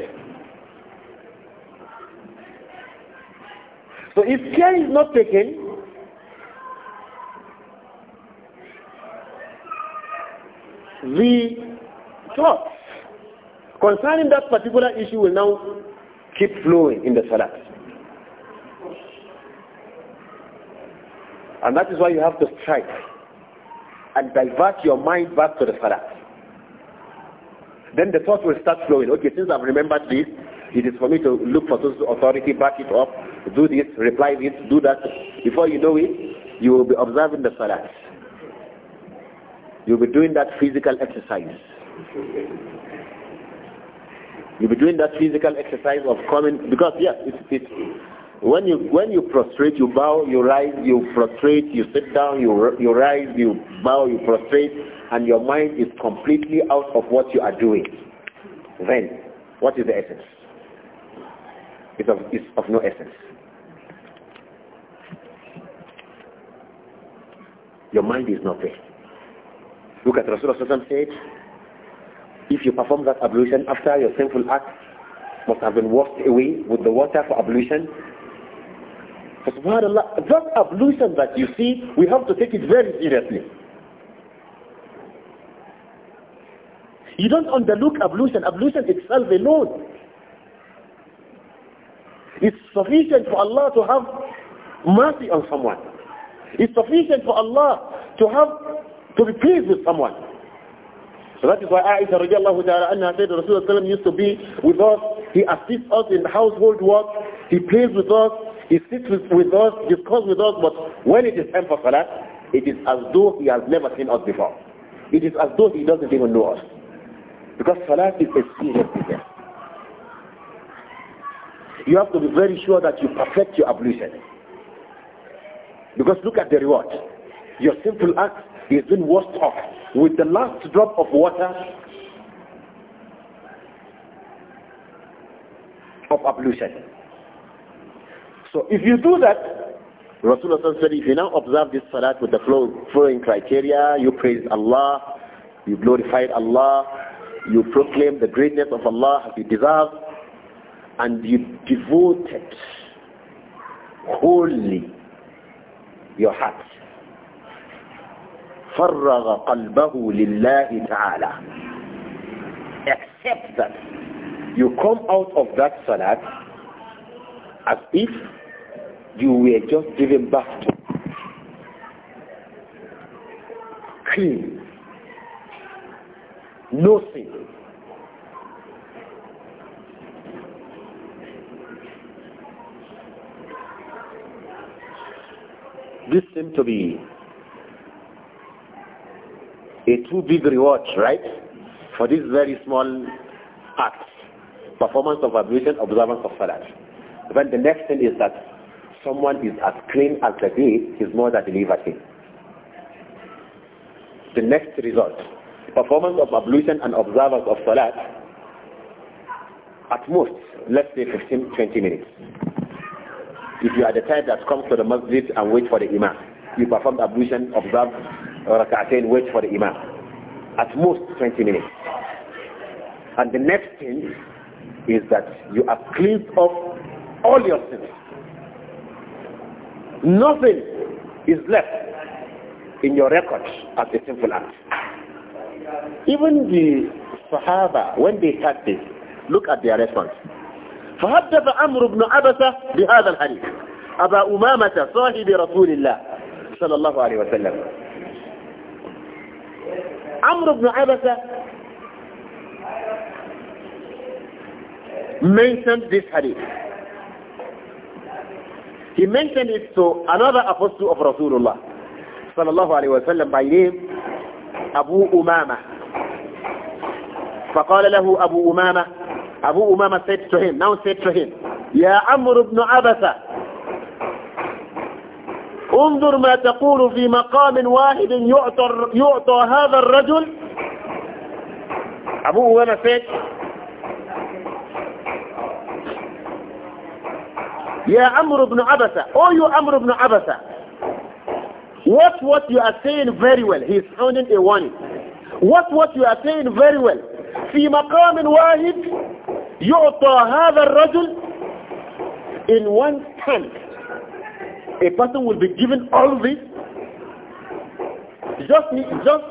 So if care is not taken, the thoughts concerning that particular issue will now keep flowing in the salat. And that is why you have to strike and divert your mind back to the salat. Then the thought will start flowing. Okay, since I've remembered this, it is for me to look for those authority, back it up, do this, reply this, do that. Before you know it, you will be observing the salat. You'll be doing that physical exercise. You'll be doing that physical exercise of coming, because yes, it's, it's when you when you prostrate, you bow, you rise, you prostrate, you sit down, you you rise, you bow, you prostrate, and your mind is completely out of what you are doing. Then, what is the essence? It's of, it's of no essence. Your mind is not there. Look at Rasulullah said, if you perform that ablution after your sinful act must have been washed away with the water for ablution, Subhanallah, that ablution that you see, we have to take it very seriously. You don't underlook ablution. Ablution itself alone. It's sufficient for Allah to have mercy on someone. It's sufficient for Allah to have to be pleased with someone. So that is why Aisha radiallahu ta'ala anha said Rasulullah used to be with us. He assists us in household work. He plays with us. He sits with, with us, discusses with us, but when it is time for salah, it is as though he has never seen us before. It is as though he doesn't even know us. Because salah is a serious business. You have to be very sure that you perfect your ablution. Because look at the reward. Your simple act is being washed off with the last drop of water of ablution. So if you do that, Rasulullah said, if you now observe this salat with the following criteria, you praise Allah, you glorify Allah, you proclaim the greatness of Allah as you deserve, and you devoted wholly your heart. فَرَّغَ قَلْبَهُ لِلَّهِ تَعَالَى Accept that you come out of that salat as if you were just given back, to. Clean. No sin. This seems to be a too big reward, right? For this very small act. Performance of ablution, observance of salat. Then the next thing is that someone is as clean as the day his mother delivered him. The next result, performance of ablution and observance of salat, at most, let's say 15, 20 minutes. If you are the type that comes to the masjid and wait for the imam, you perform ablution, observe uh, rak'atain, wait for the imam. At most 20 minutes. And the next thing is that you are cleansed of all your sins. Nothing is left in your record as a sinful act. Even the Sahaba, when they had this, look at their response. فحدث أمر بن عبسة بهذا الحديث أبا أمامة صاحب رسول الله صلى الله عليه وسلم أمر بن عبسة mentioned this hadith He mentioned it to another apostle of Rasulullah sallallahu alayhi wa sallam by name Abu Umama. فقال له Abu Umama Abu Umama said to him now said to him يا عمرو بن عبسة انظر ما تقول في مقام واحد يعطى, يعطى هذا الرجل Abu Umama said Ya Amr ibn Abasa. Oh, you Amr ibn Abasa. What what you are saying very well. He's sounding a warning. What what you are saying very well. في مقام واحد يعطى هذا الرجل in one stand. A person will be given all this just just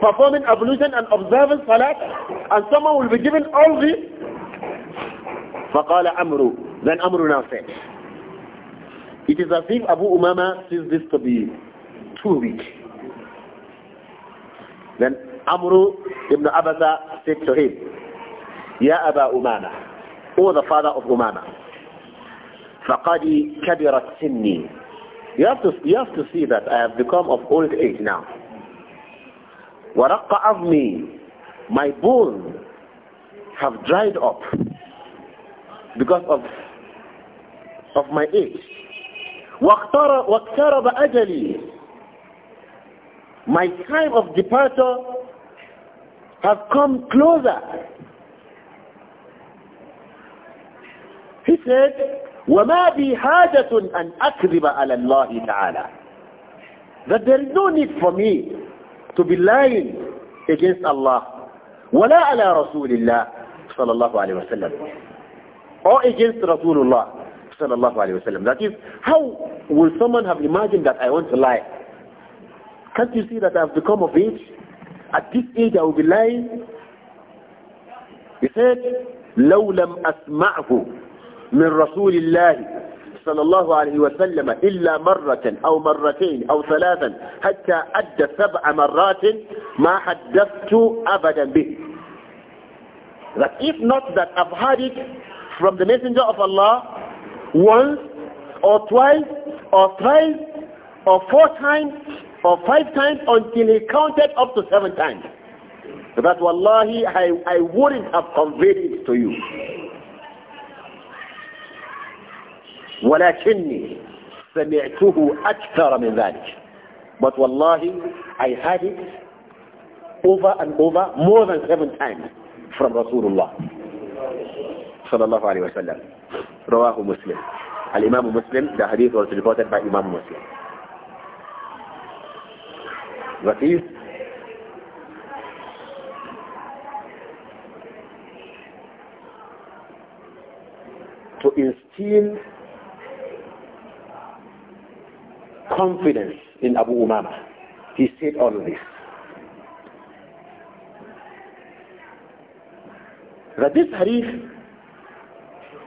performing ablution and observing salat and someone will be given all this فقال عمرو then Amru now said it is as if Abu Umama sees this to be too weak. Then Amru ibn Abasa said to him, Ya Aba Umama, O the father of Umama, فَقَدِ كَبِرَتْ سِنِّي you have, to, you have to see that I have become of old age now. وَرَقَّ me, My bones have dried up because of, of my age. واقترب, أجلي my time of departure has come closer he said وما بي حاجة أن أكذب على الله تعالى that there is no need for me to be lying against Allah ولا على رسول الله صلى الله عليه وسلم or against رسول الله sallallahu alayhi wasallam. That is, how will someone have imagined that I want to lie? Can't you see that I've become of age? At this age I will be lying. He said, لو لم أسمعه من رسول الله صلى الله عليه وسلم إلا مرة أو مرتين أو ثلاثا حتى أدى سبع مرات ما حدثت أبدا به that if not that I've heard it from the messenger of Allah once or twice or thrice or four times or five times until he counted up to seven times. So that wallahi, I, I wouldn't have conveyed it to you. ولكني سمعته أكثر من ذلك but wallahi I had it over and over more than seven times from Rasulullah رواه مسلم الإمام مسلم the hadith was reported by Imam Muslim that to instill confidence in Abu Umama he said all this that this hadith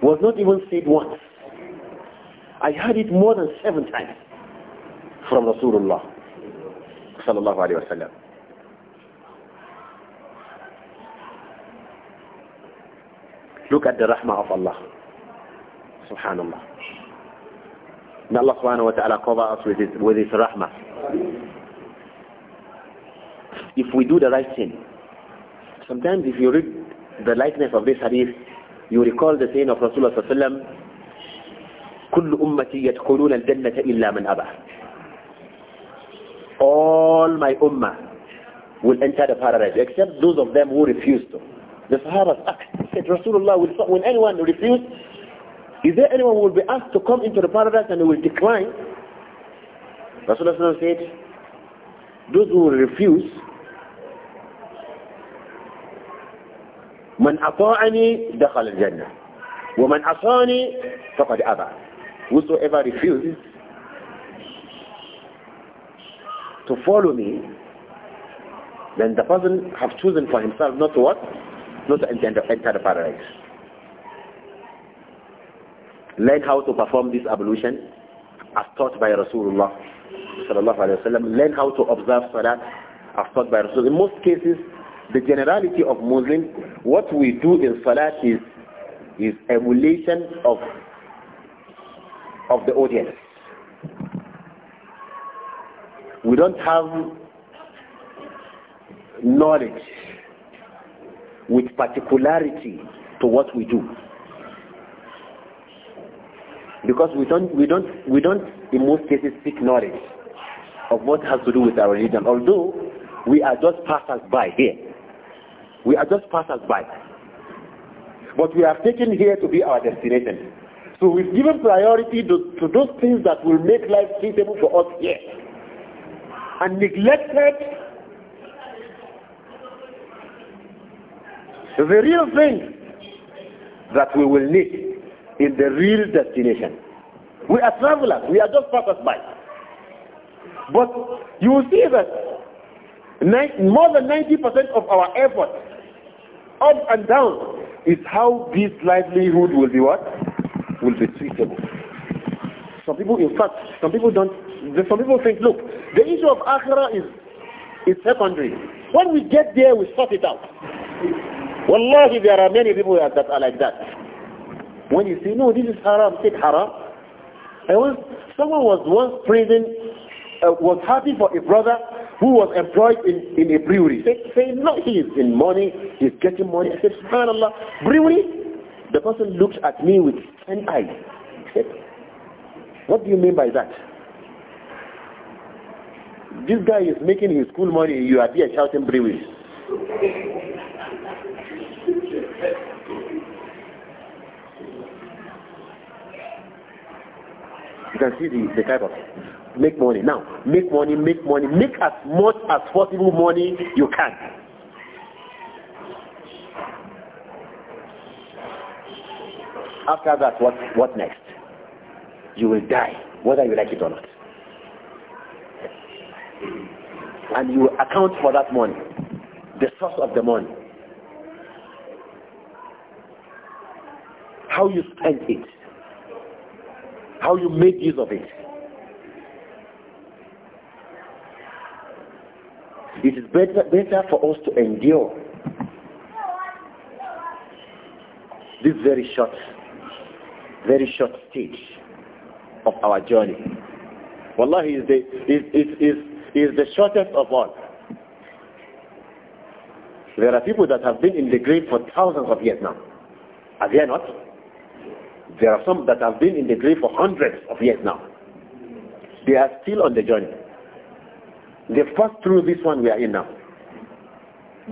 was not even said once. I heard it more than seven times from Rasulullah sallallahu alayhi wasallam. Look at the rahmah of Allah. Subhanallah. May Allah subhanahu wa ta'ala cover us with his, with his rahmah. If we do the right thing, sometimes if you read the likeness of this hadith, you recall the saying of Rasulullah sallallahu كل أمتي يدخلون الجنة إلا من أبى All my ummah will enter the paradise except those of them who refuse to. The Sahabas asked, said Rasulullah, will, when anyone refuse, is there anyone who will be asked to come into the paradise and will decline? Rasulullah said, those who refuse من أطاعني دخل الجنة ومن عصاني فقد أبى whosoever refuses to follow me then the person have chosen for himself not to what not to enter, enter the paradise learn how to perform this ablution as taught by Rasulullah sallallahu alaihi wasallam learn how to observe salat as taught by Rasul in most cases the generality of Muslims, what we do in Salat is, is emulation of, of the audience. We don't have knowledge with particularity to what we do. Because we don't, we don't, we don't in most cases seek knowledge of what has to do with our religion. Although we are just passers by here. We are just passers by. But we are taken here to be our destination. So we've given priority to, to those things that will make life suitable for us here. And neglected the real thing that we will need in the real destination. We are travelers. We are just passers by. But you will see that more than 90% of our effort up and down, is how this livelihood will be what? Will be treatable. Some people, in fact, some people don't, some people think, look, the issue of Akhira is, is secondary. When we get there, we sort it out. Wallahi, there are many people that, are like that. When you say, no, this is haram, take haram. I was, someone was once praising, uh, was happy for a brother who was employed in, in a brewery. Say, say, no, he's in money, he's getting money. I said, subhanAllah, brewery? The person looked at me with an eye. He said, what do you mean by that? This guy is making his school money, you are here shouting brewery. You can see the, the type of make money. Now, make money, make money, make as much as possible money you can. After that, what, what next? You will die, whether you like it or not. And you account for that money, the source of the money. How you spend it. How you make use of it. It is better, better for us to endure this very short, very short stage of our journey. Wallahi is the, is, is, is, is the shortest of all. There are people that have been in the grave for thousands of years now. Are there not? There are some that have been in the grave for hundreds of years now. They are still on the journey they first passed through this one we are in now.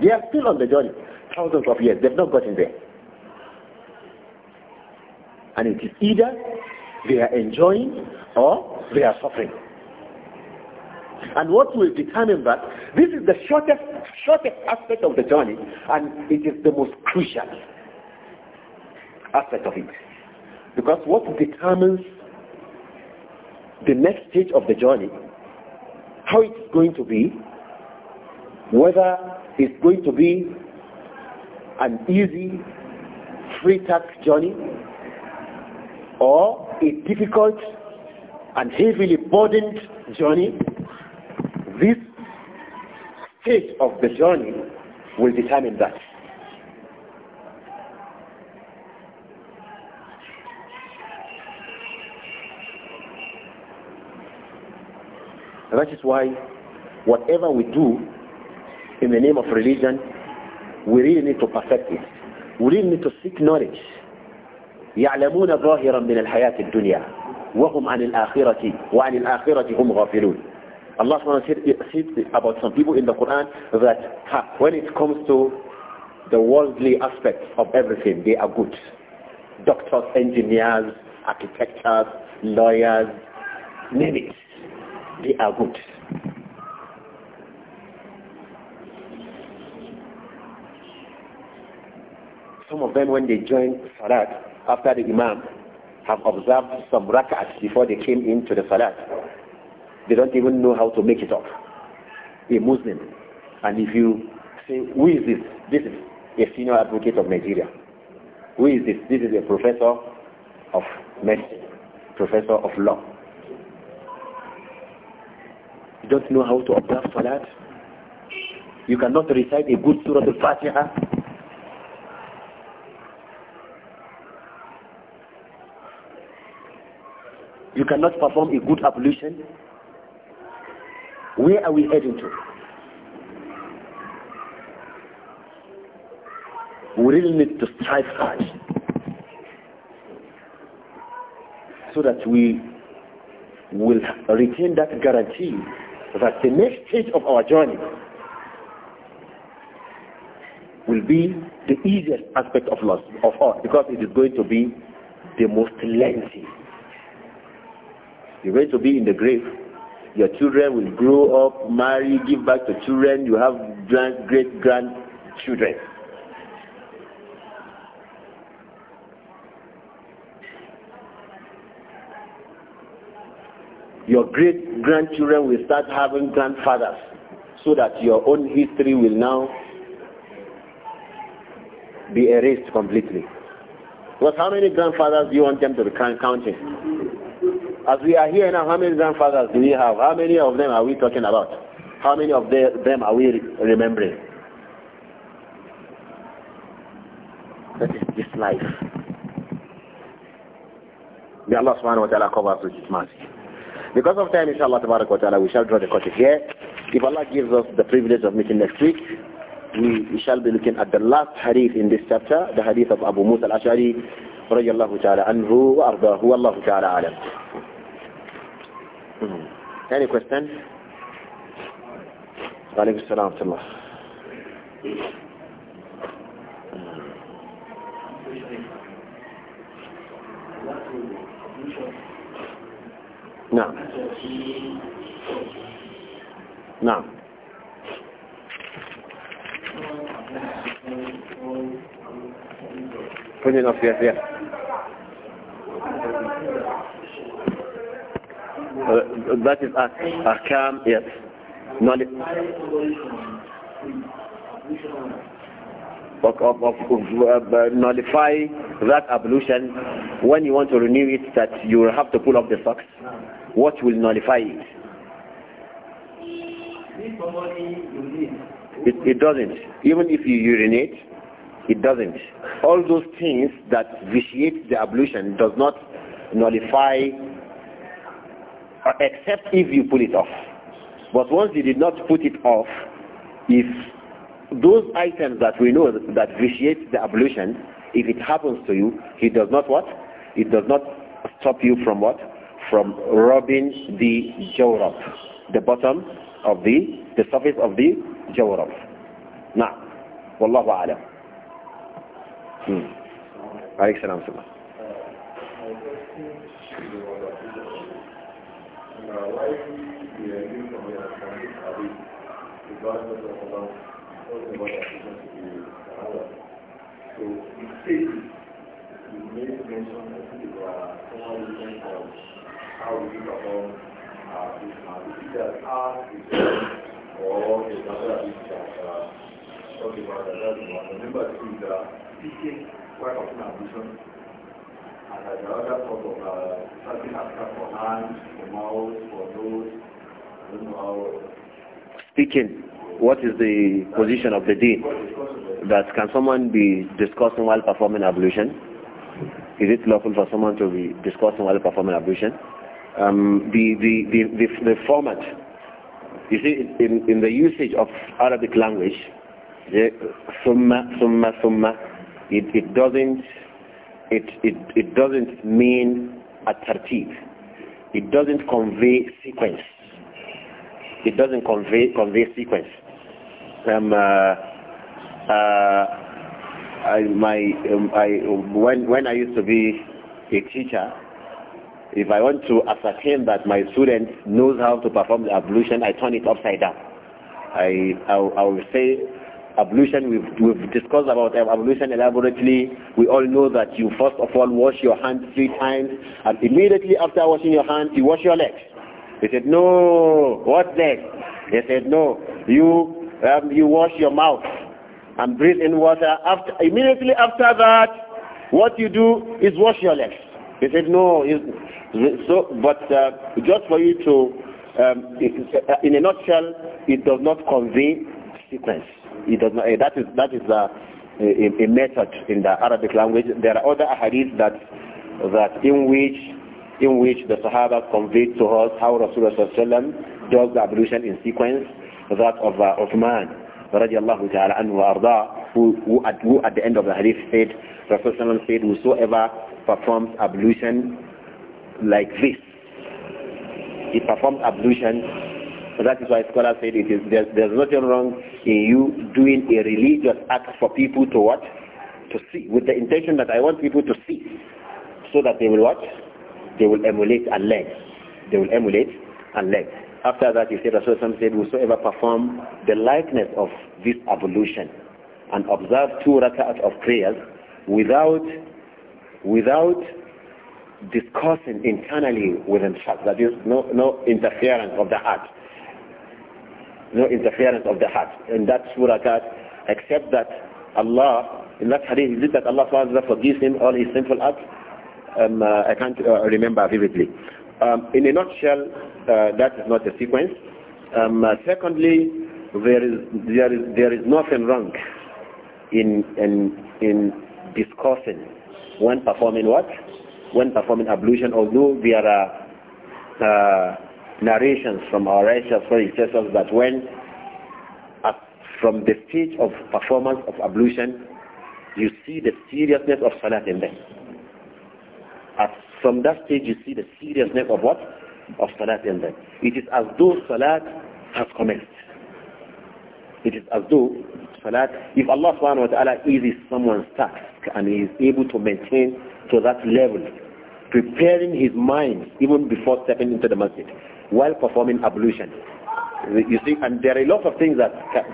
They are still on the journey, thousands of years. They've not gotten there. And it is either they are enjoying or they are suffering. And what will determine that, this is the shortest, shortest aspect of the journey, and it is the most crucial aspect of it. Because what determines the next stage of the journey how it's going to be, whether it's going to be an easy, free tax journey or a difficult and heavily burdened journey, this stage of the journey will determine that. And that is why whatever we do in the name of religion, we really need to perfect it. We really need to seek knowledge. يعلمون ظاهرا من الحياة الدنيا وهم عن الآخرة وعن الآخرة هم غافلون Allah SWT said about some people in the Quran that ha, when it comes to the worldly aspects of everything, they are good. Doctors, engineers, architects, lawyers, name it they are good. Some of them, when they joined Salat after the Imam, have observed some Rakat before they came into the Salat. They don't even know how to make it up. A Muslim. And if you say, who is this? This is a senior advocate of Nigeria. Who is this? This is a professor of medicine, professor of law. You don't know how to observe salat. You cannot recite a good surah al-Fatiha. You cannot perform a good ablution. Where are we heading to? We really need to strive hard so that we will retain that guarantee that the next stage of our journey will be the easiest aspect of loss of all because it is going to be the most lengthy. You're going to be in the grave. Your children will grow up, marry, give back to children. You have grand, great grandchildren. your great grandchildren will start having grandfathers so that your own history will now be erased completely. Because how many grandfathers do you want them to be counting? As we are here now, how many grandfathers do we have? How many of them are we talking about? How many of them are we remembering? That is this life. May Allah subhanahu wa ta'ala cover us with his mercy. Because of time, inshallah, tabarak wa ta'ala, we shall draw the curtain here. If Allah gives us the privilege of meeting next week, we, shall be looking at the last hadith in this chapter, the hadith of Abu Musa al-Ash'ari, رضي الله تعالى عنه وأرضاه Any question? عليكم السلام نعم نعم كل نصيحة فيها yes. Uh, Knowledge. Of, of, of, uh, nullify that ablution when you want to renew it that you will have to pull off the socks what will nullify it? It, it doesn't. Even if you urinate, it doesn't. All those things that vitiate the ablution does not nullify uh, except if you pull it off. But once you did not put it off, if those items that we know that vitiate the ablution, if it happens to you, it does not what? It does not stop you from what? from rubbing the jawrab, the bottom of the, the surface of the jawrab. Now, Wallahu A'lam. Hmm. Alayhi salam salam. Uh, Speaking. what is the position of the dean? That can someone be discussing while performing ablution? Is it lawful for someone to be discussing while performing ablution? Um, the, the, the, the, the format you see, in, in the usage of Arabic language, the summa, summa, summa, it, it doesn't it, it, it doesn't mean a tartib. It doesn't convey sequence. It doesn't convey convey sequence. Um, uh, uh, I, my, um, I, when, when I used to be a teacher, if I want to ascertain that my student knows how to perform the ablution, I turn it upside down. I, I, I will say ablution, we've, we've discussed about ablution elaborately. We all know that you first of all wash your hands three times, and immediately after washing your hands, you wash your legs. They said, no, what legs? They said, no, you, um, you wash your mouth and breathe in water. After, immediately after that, what you do is wash your legs. He said, no, so, but uh, just for you to, um, in a nutshell, it does not convey sequence. It does not, eh, that is, that is a, uh, a, a method in the Arabic language. There are other hadiths that, that in which in which the Sahaba conveyed to us how Rasulullah does the ablution in sequence, that of uh, Uthman radiallahu ta'ala anhu arda, who, who, at, who at the end of the hadith said, Rasulullah said, whosoever performs ablution like this, he performs ablution. So that is why scholars said it is, there's, there's nothing wrong in you doing a religious act for people to what? To see, with the intention that I want people to see, so that they will what? They will emulate and learn. They will emulate and learn. After that, he said, Rasulullah said, whosoever perform the likeness of this ablution, and observe two rak'at of prayers without without discussing internally with himself. That is no, no interference of the heart. No interference of the heart. And that's surah that, except that Allah, in that hadith, is it that Allah forgives him all his sinful acts? Um, uh, I can't uh, remember vividly. Um, in a nutshell, uh, that is not a sequence. Um, uh, secondly, there is, there, is, there is nothing wrong in in in discussing when performing what when performing ablution although there are uh, narrations from our righteous predecessors that when from the stage of performance of ablution you see the seriousness of salat in them from that stage you see the seriousness of what of salat in them it is as though salat has commenced it is as though salat, if Allah subhanahu wa ta'ala eases someone's task and he is able to maintain to that level, preparing his mind even before stepping into the masjid while performing ablution. You see, and there are a lot of things that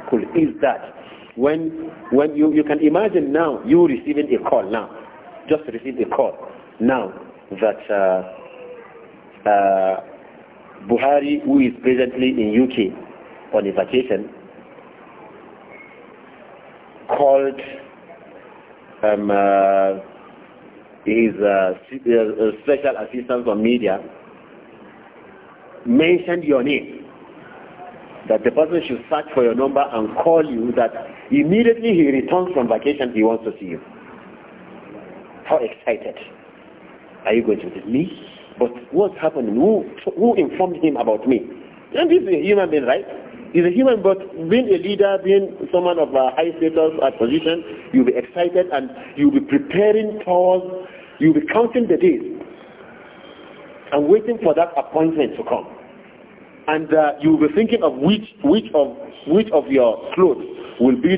could ease that. When, when you, you can imagine now you receiving a call now, just received a call now that uh, uh, Buhari, who is presently in UK on a vacation, called um, uh, his uh, uh, uh, special assistant for media mentioned your name. That the person should search for your number and call you that immediately he returns from vacation, he wants to see you. How excited are you going to be? Me? But what's happened? Who, who informed him about me? And this is a human being, right? He's a human, but being a leader, being someone of a high status and position, you'll be excited and you'll be preparing towards, you'll be counting the days and waiting for that appointment to come. And uh, you'll be thinking of which, which, of, which of your clothes will be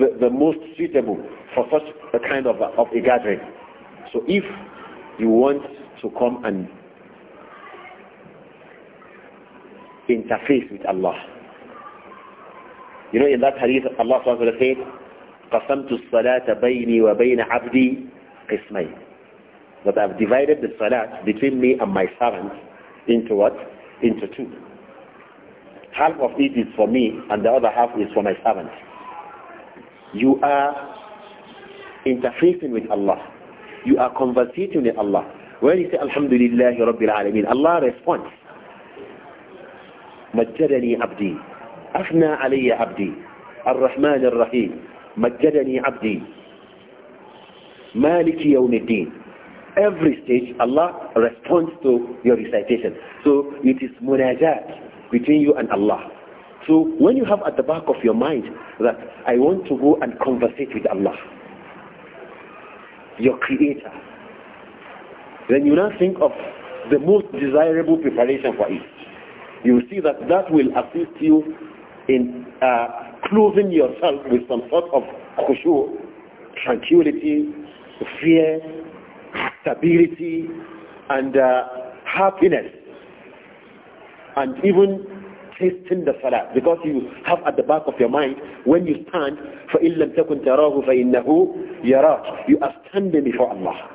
the, the most suitable for such a kind of, of a gathering. So if you want to come and interface with Allah, you know in that hadith Allah SWT said, قَسَمْتُ الصَّلَاةَ بَيْنِي وَبَيْنَ عَبْدِي قسمي That I've divided the salat between me and my servant into what? Into two. Half of it is for me and the other half is for my servant. You are interfacing with Allah. You are conversating with Allah. When you say Alhamdulillah Rabbil Alameen, Allah responds. مجدني عبدي أَفْنَى علي عبدي الرحمن الرحيم مجدني عبدي مالك يوم الدين every stage Allah responds to your recitation so it is munajat between you and Allah so when you have at the back of your mind that I want to go and conversate with Allah your creator then you now think of the most desirable preparation for it you see that that will assist you in uh, yourself with some sort of khushu, tranquility, fear, stability, and uh, happiness, and even tasting the salah because you have at the back of your mind when you stand فَإِن لَمْ تَكُنْ تَرَاهُ فَإِنَّهُ يَرَاكَ you are standing before Allah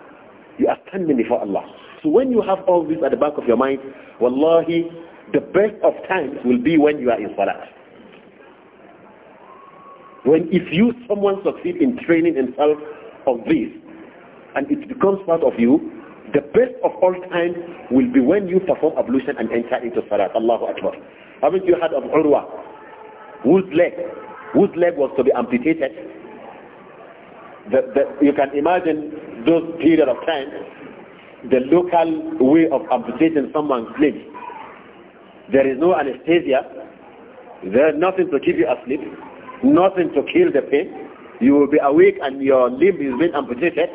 you are standing before Allah so when you have all this at the back of your mind wallahi the best of times will be when you are in salah when if you someone succeed in training himself of this, and it becomes part of you, the best of all time will be when you perform ablution and enter into salat. Allahu Akbar. Haven't you heard of Urwa? Whose leg? Whose leg was to be amputated? The, the, you can imagine those period of time, the local way of amputating someone's leg. There is no anesthesia. There is nothing to keep you asleep nothing to kill the pain. You will be awake and your limb is being amputated.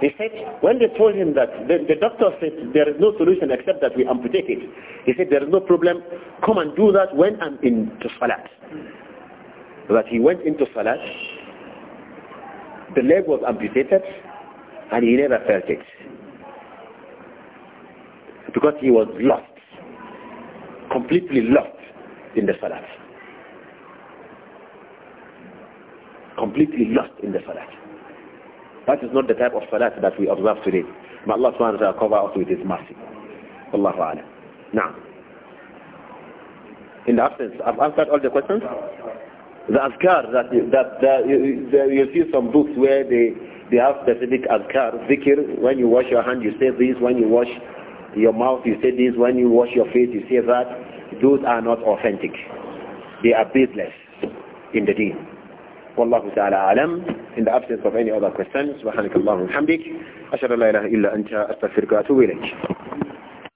He said, when they told him that, the, the, doctor said, there is no solution except that we amputate it. He said, there is no problem. Come and do that when I'm in Salat. that he went into Salat. The leg was amputated and he never felt it. Because he was lost. Completely lost in the Salat. completely lost in the salat. That is not the type of salat that we observe today. But Allah subhanahu wa ta'ala cover us with his mercy. Allahu ta'ala. Now, in the absence, I've answered all the questions. The azkar, that, that, that you, you see some books where they, they have specific azkar, zikr, when you wash your hand you say this, when you wash your mouth you say this, when you wash your face you say that. Those are not authentic. They are baseless in the deen. والله تعالى أعلم in the absence او any other سبحانك اللهم وبحمدك أشهد ان لا إله إلا أنت أستغفرك وأتوب إليك